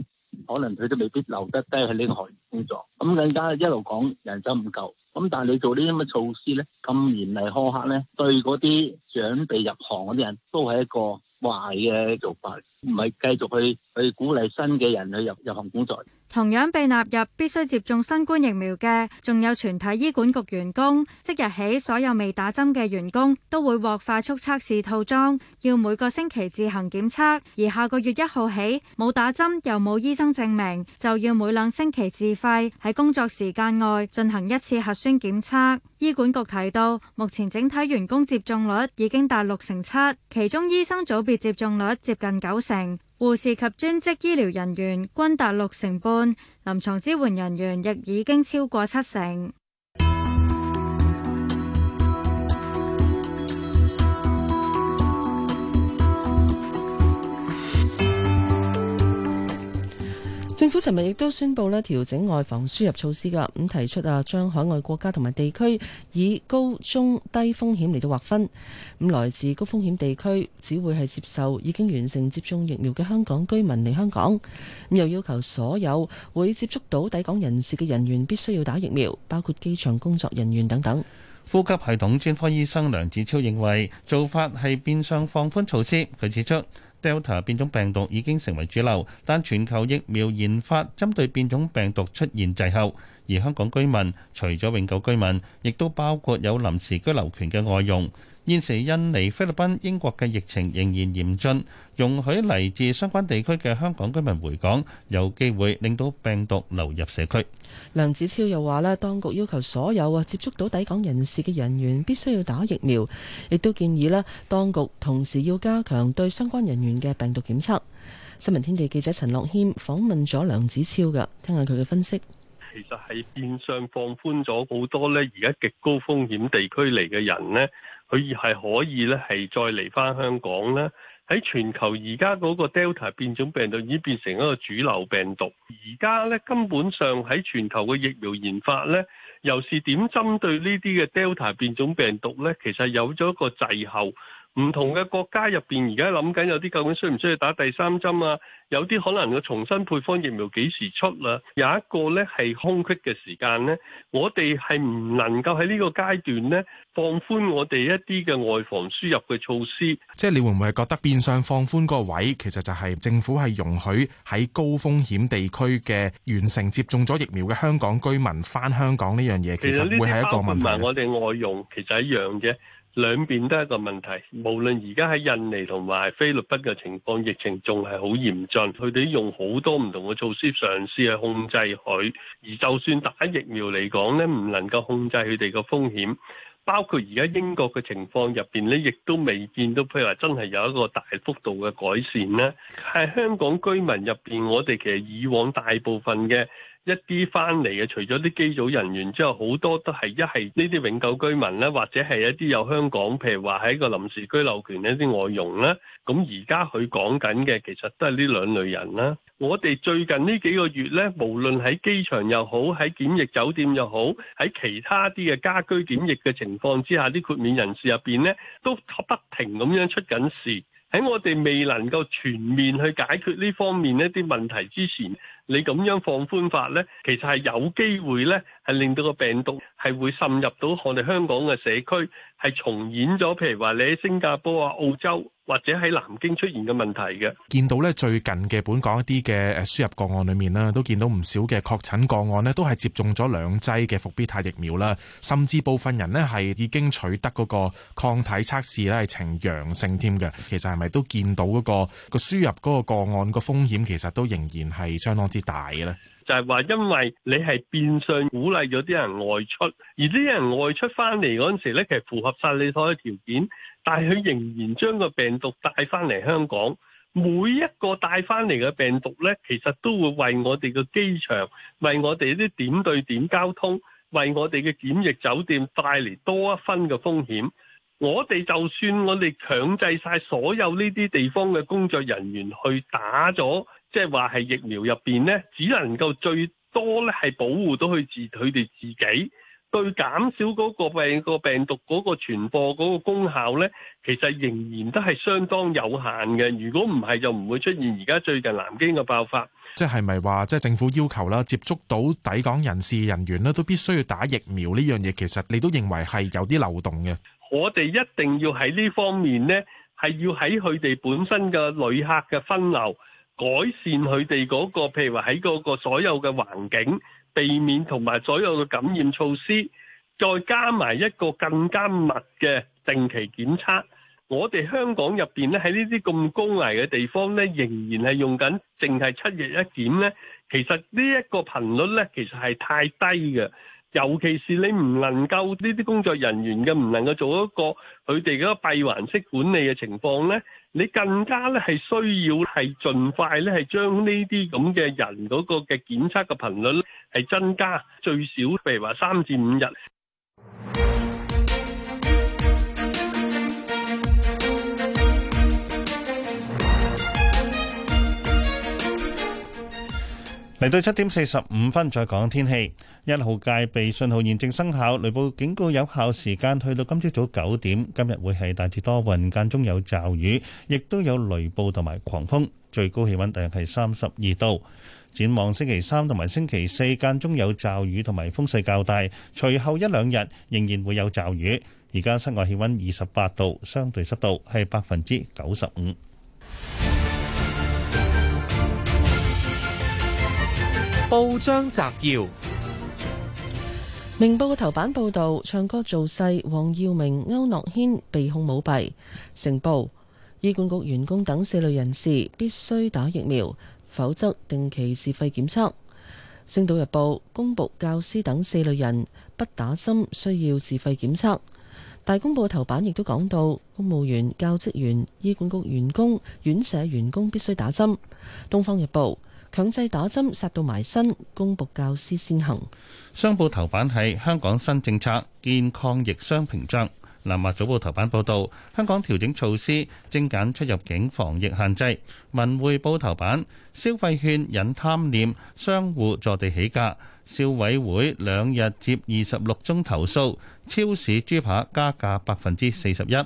可能佢都未必留得低去呢個行業工作。咁更加一路講人手唔夠，咁但係你做呢啲咁嘅措施咧，咁嚴厲苛刻咧，對嗰啲想被入行嗰啲人都係一個壞嘅做法，唔係繼續去。鼓勵新嘅人入行工作。同樣被納入必須接種新冠疫苗嘅仲有全體醫管局員工，即日起所有未打針嘅員工都會獲快速測試套裝要每個星期自行檢測，而下個月一號起冇打針又冇醫生證明就要每兩星期自費喺工作時間外進行一次核酸檢測。醫管局提到目前整體員工接種率已經達六成七，其中醫生組別接種率接近九成，護士及專職醫療人員均達六成半，臨床支援人員亦已經超過七成。政府尋日亦都宣布咧調整外防輸入措施㗎，咁提出啊，將海外國家同埋地區以高、中、低風險嚟到劃分。咁來自高風險地區，只會係接受已經完成接種疫苗嘅香港居民嚟香港。咁又要求所有會接觸到抵港人士嘅人員必須要打疫苗，包括機場工作人員等等。呼吸系統專科醫生梁志超認為做法係變相放寬措施。佢指出。Delta 變種病毒已經成為主流，但全球疫苗研發針對變種病毒出現滯後，而香港居民除咗永久居民，亦都包括有臨時居留權嘅外傭。現時印尼、菲律賓、英國嘅疫情仍然嚴峻，容許嚟自相關地區嘅香港居民回港，有機會令到病毒流入社區。梁子超又話咧，當局要求所有啊接觸到抵港人士嘅人員必須要打疫苗，亦都建議咧，當局同時要加強對相關人員嘅病毒檢測。新聞天地記者陳樂軒訪問咗梁子超嘅，聽下佢嘅分析。其實係變相放寬咗好多咧，而家極高風險地區嚟嘅人咧。佢係可以呢，係再嚟返香港啦。喺全球而家嗰個 Delta 變種病毒已經變成一個主流病毒。而家呢，根本上喺全球嘅疫苗研發呢，又是點針對呢啲嘅 Delta 變種病毒呢？其實有咗一個滯後。唔同嘅國家入邊，而家諗緊有啲究竟需唔需要打第三針啊？有啲可能要重新配方疫苗幾時出啊？有一個咧係空隙嘅時間咧，我哋係唔能夠喺呢個階段咧放寬我哋一啲嘅外防輸入嘅措施。即係你會唔會係覺得變相放寬個位，其實就係政府係容許喺高風險地區嘅完成接種咗疫苗嘅香港居民返香港呢樣嘢，其實會係一個問題。包括我哋外傭，其實一樣嘅。兩邊都係一個問題，無論而家喺印尼同埋菲律賓嘅情況，疫情仲係好嚴峻，佢哋用好多唔同嘅措施嘗試去控制佢。而就算打疫苗嚟講呢，唔能夠控制佢哋嘅風險。包括而家英國嘅情況入邊呢，亦都未見到譬如話真係有一個大幅度嘅改善呢。喺香港居民入邊，我哋其實以往大部分嘅。一啲翻嚟嘅，除咗啲機組人員之後，好多都係一係呢啲永久居民啦，或者係一啲有香港，譬如話喺一個臨時居留權一啲外傭啦。咁而家佢講緊嘅，其實都係呢兩類人啦。我哋最近呢幾個月呢，無論喺機場又好，喺檢疫酒店又好，喺其他啲嘅家居檢疫嘅情況之下，啲豁免人士入邊呢，都不停咁樣出緊事。喺我哋未能夠全面去解決呢方面呢啲問題之前。你咁樣放寬法咧，其實係有機會咧，係令到個病毒係會滲入到我哋香港嘅社區，係重演咗譬如話你喺新加坡啊、澳洲或者喺南京出現嘅問題嘅。見到咧最近嘅本港一啲嘅誒輸入個案裏面咧，都見到唔少嘅確診個案咧，都係接種咗兩劑嘅復必泰疫苗啦，甚至部分人咧係已經取得嗰個抗體測試咧係呈陽性添嘅。其實係咪都見到嗰個個輸入嗰個個案個風險其實都仍然係相當之大嘅咧，就係話，因為你係變相鼓勵咗啲人外出，而啲人外出翻嚟嗰陣時咧，其實符合晒你所有條件，但係佢仍然將個病毒帶翻嚟香港。每一個帶翻嚟嘅病毒咧，其實都會為我哋嘅機場、為我哋啲點對點交通、為我哋嘅檢疫酒店帶嚟多一分嘅風險。我哋就算我哋強制晒所有呢啲地方嘅工作人員去打咗。即係話，係疫苗入邊呢，只能夠最多呢係保護到佢自佢哋自己，對減少嗰個病個病毒嗰個傳播嗰個功效呢，其實仍然都係相當有限嘅。如果唔係，就唔會出現而家最近南京嘅爆發。即係咪話，即係政府要求啦，接觸到抵港人士人員呢，都必須要打疫苗呢樣嘢。其實你都認為係有啲漏洞嘅。我哋一定要喺呢方面呢，係要喺佢哋本身嘅旅客嘅分流，改善佢哋嗰個，譬如話喺嗰個所有嘅環境，避免同埋所有嘅感染措施，再加埋一個更加密嘅定期檢測。我哋香港入邊咧，喺呢啲咁高危嘅地方咧，仍然係用緊淨係七日一檢咧。其實呢一個頻率咧，其實係太低嘅。尤其是你唔能夠呢啲工作人員嘅唔能夠做一個佢哋嗰個閉環式管理嘅情況咧。你更加咧係需要係盡快咧係將呢啲咁嘅人嗰個嘅檢測嘅頻率咧係增加最少，譬如話三至五日。嚟到七點四十五分再講天氣。一號戒備信號現正生效，雷暴警告有效時間去到今朝早九點。今日會係大致多雲，間中有驟雨，亦都有雷暴同埋狂風，最高氣溫大約係三十二度。展望星期三同埋星期四間中有驟雨同埋風勢較大，隨後一兩日仍然會有驟雨。而家室外氣溫二十八度，相對濕度係百分之九十五。報章摘要。明報嘅頭版報導，唱歌造勢黃耀明、區諾軒被控舞弊。成報、醫管局員工等四類人士必須打疫苗，否則定期自費檢測。星島日報公佈教師等四類人不打針需要自費檢測。大公報頭版亦都講到，公務員、教職員、醫管局員工、院舍員工必須打針。東方日報。強制打針殺到埋身，公佈教師先行。商報頭版係香港新政策建抗疫雙屏障。南華早報頭版報導，香港調整措施精簡出入境防疫限制。文匯報頭版消費券引貪念，商戶坐地起價。消委會兩日接二十六宗投訴，超市豬扒加價百分之四十一。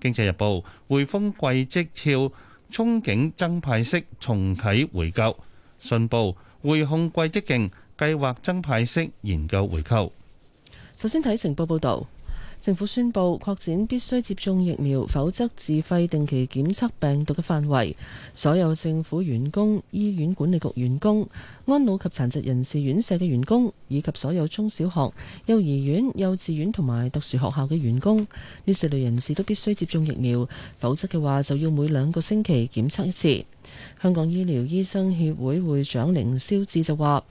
經濟日報匯豐季積俏，憧憬增派式重啓回購。信報匯控季績勁，計劃增派息研究回購。首先睇成報報導，政府宣布擴展必須接種疫苗，否則自費定期檢測病毒嘅範圍。所有政府員工、醫院管理局員工、安老及殘疾人士院舍嘅員工，以及所有中小學、幼兒園、幼稚園同埋特殊學校嘅員工，呢四類人士都必須接種疫苗，否則嘅話就要每兩個星期檢測一次。香港醫療醫生協會會長凌霄智就話，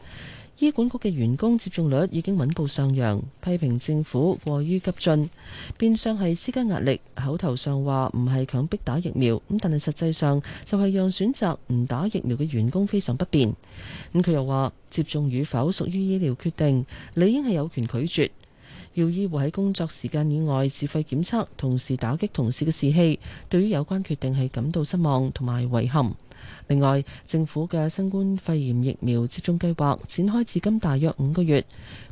醫管局嘅員工接種率已經穩步上揚，批評政府過於急進，變相係施加壓力。口頭上話唔係強迫打疫苗，咁但係實際上就係讓選擇唔打疫苗嘅員工非常不便。咁、嗯、佢又話，接種與否屬於醫療決定，理應係有權拒絕。要醫護喺工作時間以外自費檢測，同時打擊同事嘅士氣，對於有關決定係感到失望同埋遺憾。另外，政府嘅新冠肺炎疫苗接種計劃展開至今大約五個月，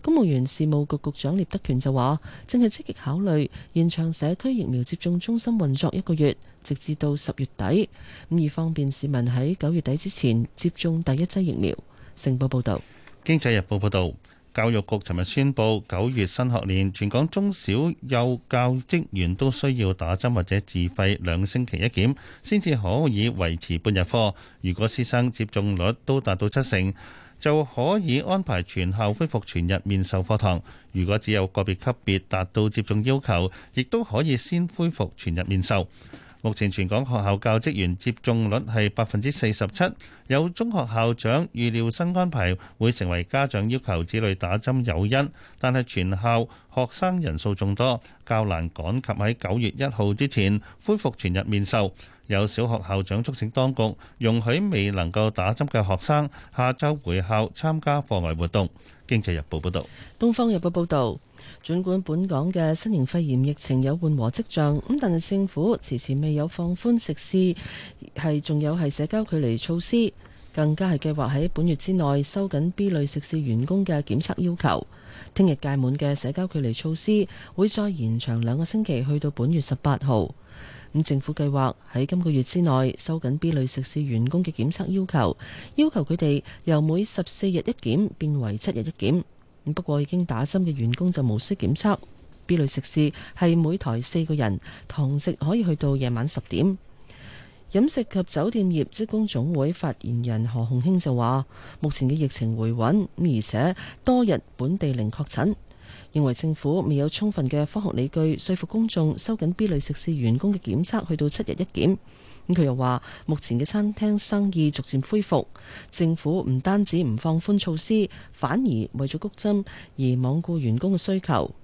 公務員事務局局長聶德權就話，正係積極考慮延長社區疫苗接種中心運作一個月，直至到十月底，咁而方便市民喺九月底之前接種第一劑疫苗。成報報道，經濟日報報道。教育局尋日宣布，九月新學年全港中小幼教職員都需要打針或者自費兩星期一檢，先至可以維持半日課。如果師生接種率都達到七成，就可以安排全校恢復全日面授課堂。如果只有個別級別達到接種要求，亦都可以先恢復全日面授。目前全港學校教職員接種率係百分之四十七，有中學校長預料新安排會成為家長要求子女打針誘因，但係全校學生人數眾多，較難趕及喺九月一號之前恢復全日面授。有小學校長促請當局容許未能夠打針嘅學生下周回校參加課外活動。經濟日報報道。東方日報報導。儘管本港嘅新型肺炎疫情有緩和跡象，咁但係政府遲遲未有放寬食肆係，仲有係社交距離措施，更加係計劃喺本月之內收緊 B 類食肆員工嘅檢測要求。聽日屆滿嘅社交距離措施會再延長兩個星期，去到本月十八號。咁政府計劃喺今個月之內收緊 B 類食肆員工嘅檢測要求，要求佢哋由每十四日一檢變為七日一檢。不過已經打針嘅員工就無需檢測。B 類食肆係每檯四個人，堂食可以去到夜晚十點。飲食及酒店業職工總會發言人何鴻興就話：目前嘅疫情回穩，而且多日本地零確診，認為政府未有充分嘅科學理據說服公眾收緊 B 類食肆員工嘅檢測，去到七日一檢。佢又話：目前嘅餐廳生意逐漸恢復，政府唔單止唔放寬措施，反而為咗谷針而罔顧員工嘅需求。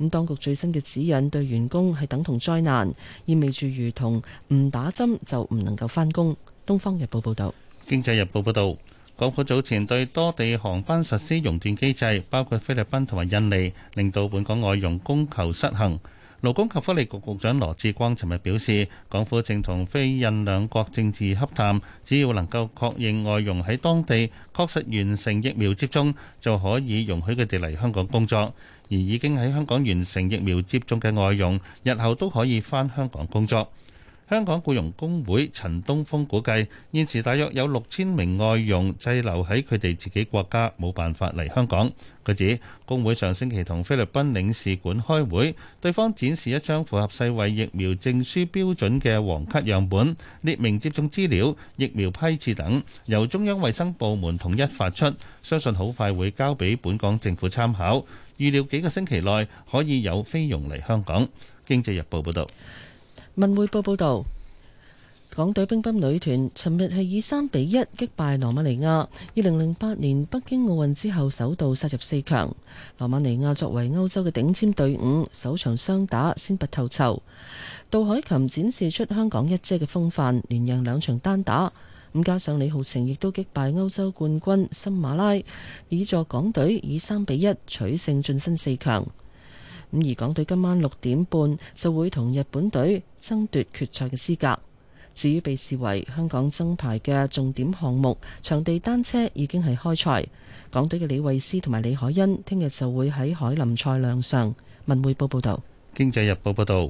咁當局最新嘅指引對員工係等同災難，意味住如同唔打針就唔能夠翻工。《東方日報》報道。《經濟日報》報道，港府早前對多地航班實施熔斷機制，包括菲律賓同埋印尼，令到本港外傭供求失衡。勞工及福利局局長羅志光尋日表示，港府正同菲印兩國政治洽談，只要能夠確認外傭喺當地確實完成疫苗接種，就可以容許佢哋嚟香港工作；而已經喺香港完成疫苗接種嘅外傭，日後都可以返香港工作。香港僱傭工會陳東峰估計，現時大約有六千名外傭滯留喺佢哋自己國家，冇辦法嚟香港。佢指，工會上星期同菲律賓領事館開會，對方展示一張符合世衛疫苗證書標準嘅黃卡樣本，列明接種資料、疫苗批次等，由中央衛生部門統一發出，相信好快會交俾本港政府參考。預料幾個星期內可以有菲傭嚟香港。經濟日報報道。文匯報報道，港隊乒乓女團尋日係以三比一擊敗羅馬尼亞，二零零八年北京奧運之後首度殺入四強。羅馬尼亞作為歐洲嘅頂尖隊伍，首場雙打先拔頭籌，杜海琴展示出香港一姐嘅風範，連贏兩場單打，咁加上李皓晴亦都擊敗歐洲冠軍森馬拉，以助港隊以三比一取勝，晉身四強。咁而港隊今晚六點半就會同日本隊爭奪決賽嘅資格。至於被視為香港爭牌嘅重點項目，場地單車已經係開賽，港隊嘅李慧詩同埋李海欣聽日就會喺凱林賽亮相。文匯報報道，經濟日報報道，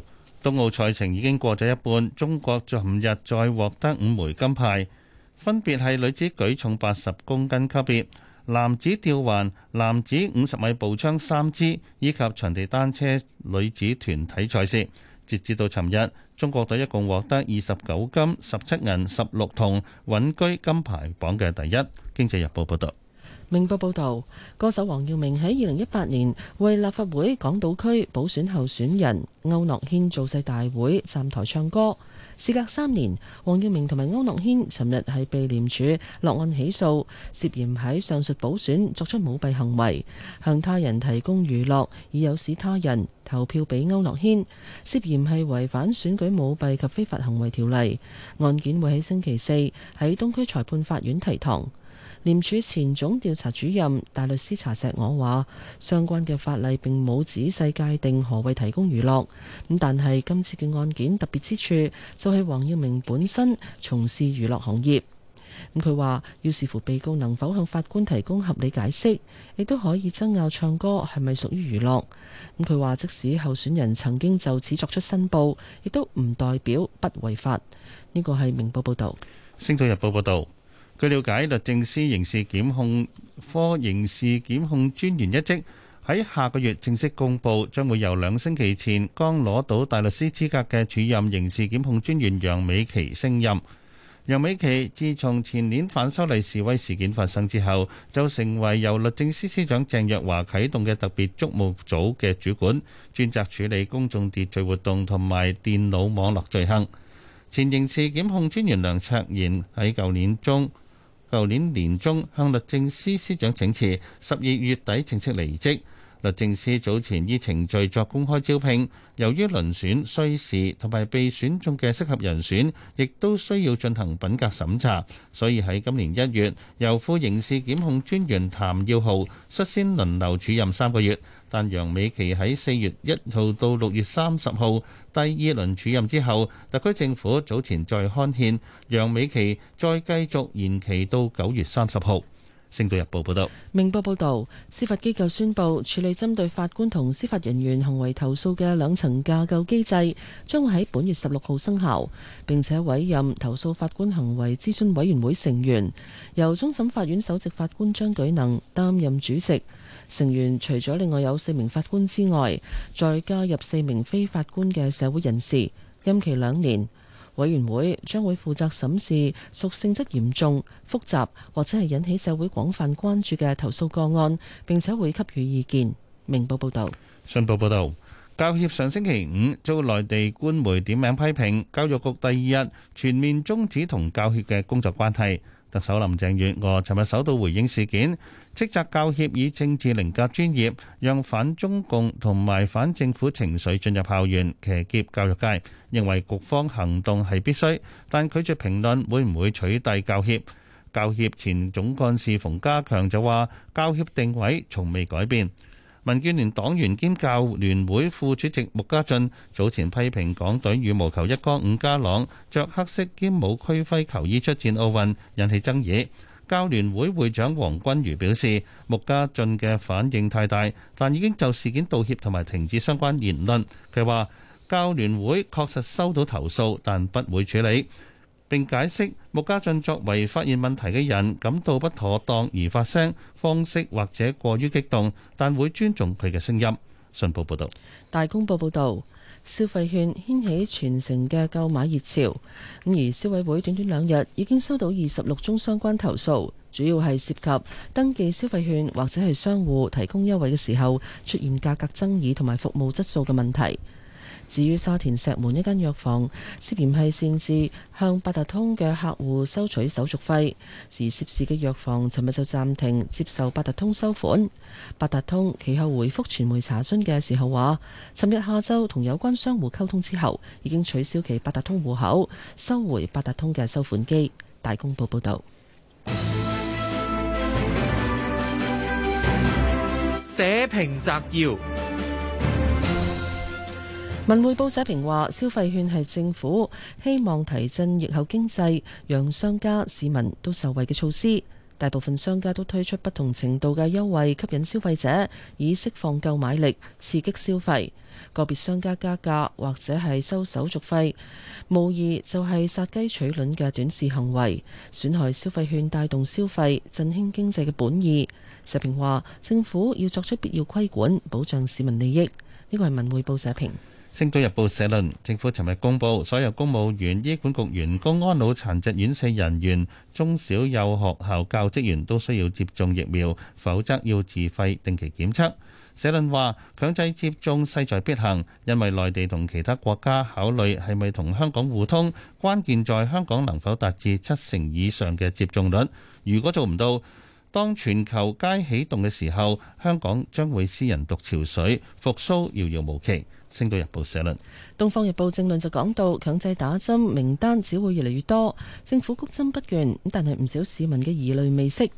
東奧賽程已經過咗一半，中國昨日再獲得五枚金牌，分別係女子舉重八十公斤級別、男子吊環、男子五十米步槍三姿以及場地單車女子團體賽事。截至到尋日，中國隊一共獲得二十九金、十七銀、十六銅，穩居金牌榜嘅第一。經濟日報報道。明報報道，歌手黃耀明喺二零一八年為立法會港島區補選候選人區諾軒造勢大會站台唱歌。事隔三年，黃耀明同埋歐樂軒尋日係被廉署落案起訴，涉嫌喺上述補選作出舞弊行為，向他人提供娛樂以誘使他人投票俾歐樂軒，涉嫌係違反選舉舞弊及非法行為條例。案件會喺星期四喺東區裁判法院提堂。廉署前總調查主任大律師查石我話：相關嘅法例並冇仔細界定何謂提供娛樂。咁但係今次嘅案件特別之處就係黃耀明本身從事娛樂行業。咁佢話要視乎被告能否向法官提供合理解釋，亦都可以爭拗唱歌係咪屬於娛樂。咁佢話即使候選人曾經就此作出申報，亦都唔代表不違法。呢個係明報報導，《星島日報》報導。據了解，律政司刑事檢控科刑事檢控專員一職喺下個月正式公佈，將會由兩星期前剛攞到大律師資格嘅主任刑事檢控專員楊美琪升任。楊美琪自從前年反修例示威事件發生之後，就成為由律政司司長鄭若驊啟動嘅特別觸目組嘅主管，專責處理公眾秩序活動同埋電腦網絡罪行。前刑事檢控專員梁卓然喺舊年中。舊年年中向律政司司長請辭，十二月底正式離職。律政司早前以程序作公開招聘，由於遴選需時，同埋被選中嘅適合人選亦都需要進行品格審查，所以喺今年一月，由副刑事檢控專員譚耀豪率先輪流署任三個月。但楊美琪喺四月一號到六月三十號第二輪署任之後，特區政府早前再刊憲，楊美琪再繼續延期到九月三十號。星島日報報道，明報報道，司法機構宣佈處理針對法官同司法人員行為投訴嘅兩層架構機制，將會喺本月十六號生效，並且委任投訴法官行為諮詢委員會成員，由終審法院首席法官張舉能擔任主席，成員除咗另外有四名法官之外，再加入四名非法官嘅社會人士，任期兩年。委員會將會負責審視屬性質嚴重、複雜或者係引起社會廣泛關注嘅投訴個案，並且會給予意見。明報報道，信報報道，教協上星期五遭內地官媒點名批評，教育局第二日全面終止同教協嘅工作關係。特首林鄭月娥尋日首度回應事件，斥責教協以政治凌駕專業，讓反中共同埋反政府情緒進入校園，騎劫教育界，認為局方行動係必須，但拒絕評論會唔會取締教協，教協前總幹事馮家強就話教協定位從未改變。民建聯黨員兼教聯會副主席穆家駿，早前批評港隊羽毛球一哥伍家朗着黑色兼冇區徽球衣出戰奧運，引起爭議。教聯會會長黃均瑜表示，穆家駿嘅反應太大，但已經就事件道歉同埋停止相關言論。佢話教聯會確實收到投訴，但不會處理。並解釋穆家俊作為發現問題嘅人，感到不妥當而發聲，方式或者過於激動，但會尊重佢嘅聲音。信報報道，大公報報道，消費券掀起全城嘅購買熱潮。咁而消委會短短兩日已經收到二十六宗相關投訴，主要係涉及登記消費券或者係商戶提供優惠嘅時候出現價格爭議同埋服務質素嘅問題。至於沙田石門一間藥房涉嫌係擅自向八達通嘅客戶收取手續費，而涉事嘅藥房尋日就暫停接受八達通收款。八達通其後回覆傳媒查詢嘅時候話，尋日下晝同有關商戶溝通之後，已經取消其八達通戶口，收回八達通嘅收款機。大公報報導。社評摘要。文匯報社評話，消費券係政府希望提振疫後經濟，讓商家市民都受惠嘅措施。大部分商家都推出不同程度嘅優惠，吸引消費者以釋放購買力，刺激消費。個別商家加價或者係收手續費，無疑就係殺雞取卵嘅短視行為，損害消費券帶動消費、振興經濟嘅本意。社評話，政府要作出必要規管，保障市民利益。呢個係文匯報社評。《星島日報》社論：政府尋日公布，所有公務員、醫管局員工、安老殘疾院舍人員、中小幼學校教職員都需要接種疫苗，否則要自費定期檢測。社論話：強制接種勢在必行，因為內地同其他國家考慮係咪同香港互通，關鍵在香港能否達至七成以上嘅接種率。如果做唔到，當全球皆啟動嘅時候，香港將會私人獨潮水復甦，遙遙無期。《星島日報》社論，《東方日報》正論就講到強制打針名單只會越嚟越多，政府谷針不倦，但係唔少市民嘅疑慮未釋。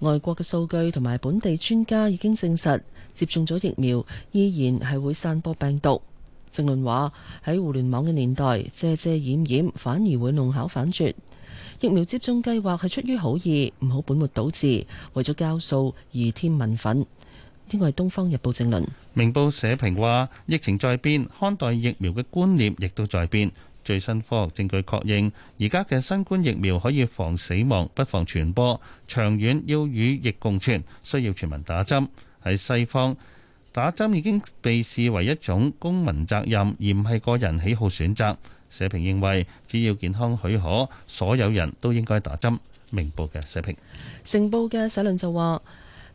外國嘅數據同埋本地專家已經證實，接種咗疫苗依然係會散播病毒。正論話喺互聯網嘅年代，遮遮掩掩反而會弄巧反拙。疫苗接種計劃係出於好意，唔好本末倒置，為咗交數而添民憤。呢個係《東方日報》正論，《明報》社評話：疫情在變，看待疫苗嘅觀念亦都在變。最新科學證據確認，而家嘅新冠疫苗可以防死亡，不防傳播。長遠要與疫共存，需要全民打針。喺西方，打針已經被視為一種公民責任，而唔係個人喜好選擇。社評認為，只要健康許可，所有人都應該打針。《明報》嘅社評，《成報》嘅社論就話。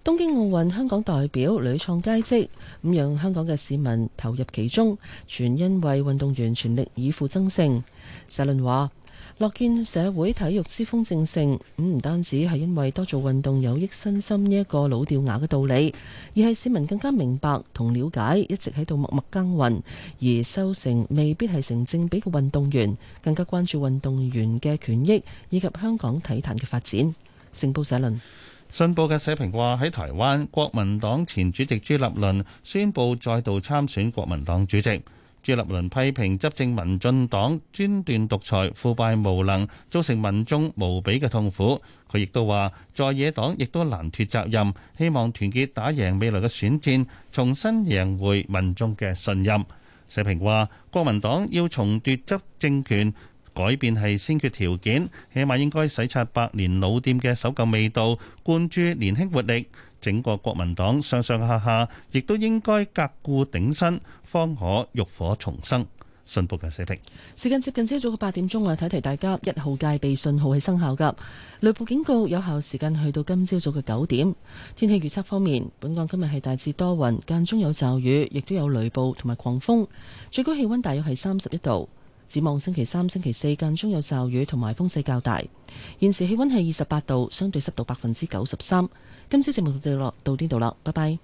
東京奧運香港代表屢創佳績，咁讓香港嘅市民投入其中，全因為運動員全力以赴爭勝。社論話：樂見社會體育之風正盛，咁、嗯、唔單止係因為多做運動有益身心呢一個老掉牙嘅道理，而係市民更加明白同了解一直喺度默默耕耘而收成未必係成正比嘅運動員，更加關注運動員嘅權益以及香港體壇嘅發展。成報社論。信報嘅社評話，喺台灣，國民黨前主席朱立倫宣布再度參選國民黨主席。朱立倫批評執政民進黨專斷獨裁、腐敗無能，造成民眾無比嘅痛苦。佢亦都話，在野黨亦都難脱責任，希望團結打贏未來嘅選戰，重新贏回民眾嘅信任。社評話，國民黨要重奪執政權。改變係先決條件，起碼應該洗刷百年老店嘅守舊味道，灌注年輕活力。整個國民黨上上下下亦都應該革故鼎新，方可浴火重生。信報嘅社評。時間接近朝早嘅八點鐘啊，我提提大家一號戒備信號係生效噶，雷暴警告有效時間去到今朝早嘅九點。天氣預測方面，本港今日係大致多雲，間中有驟雨，亦都有雷暴同埋狂風，最高氣温大約係三十一度。指望星期三、星期四間中有驟雨同埋風勢較大。現時氣温係二十八度，相對濕度百分之九十三。今朝新聞到呢到呢度啦，拜拜。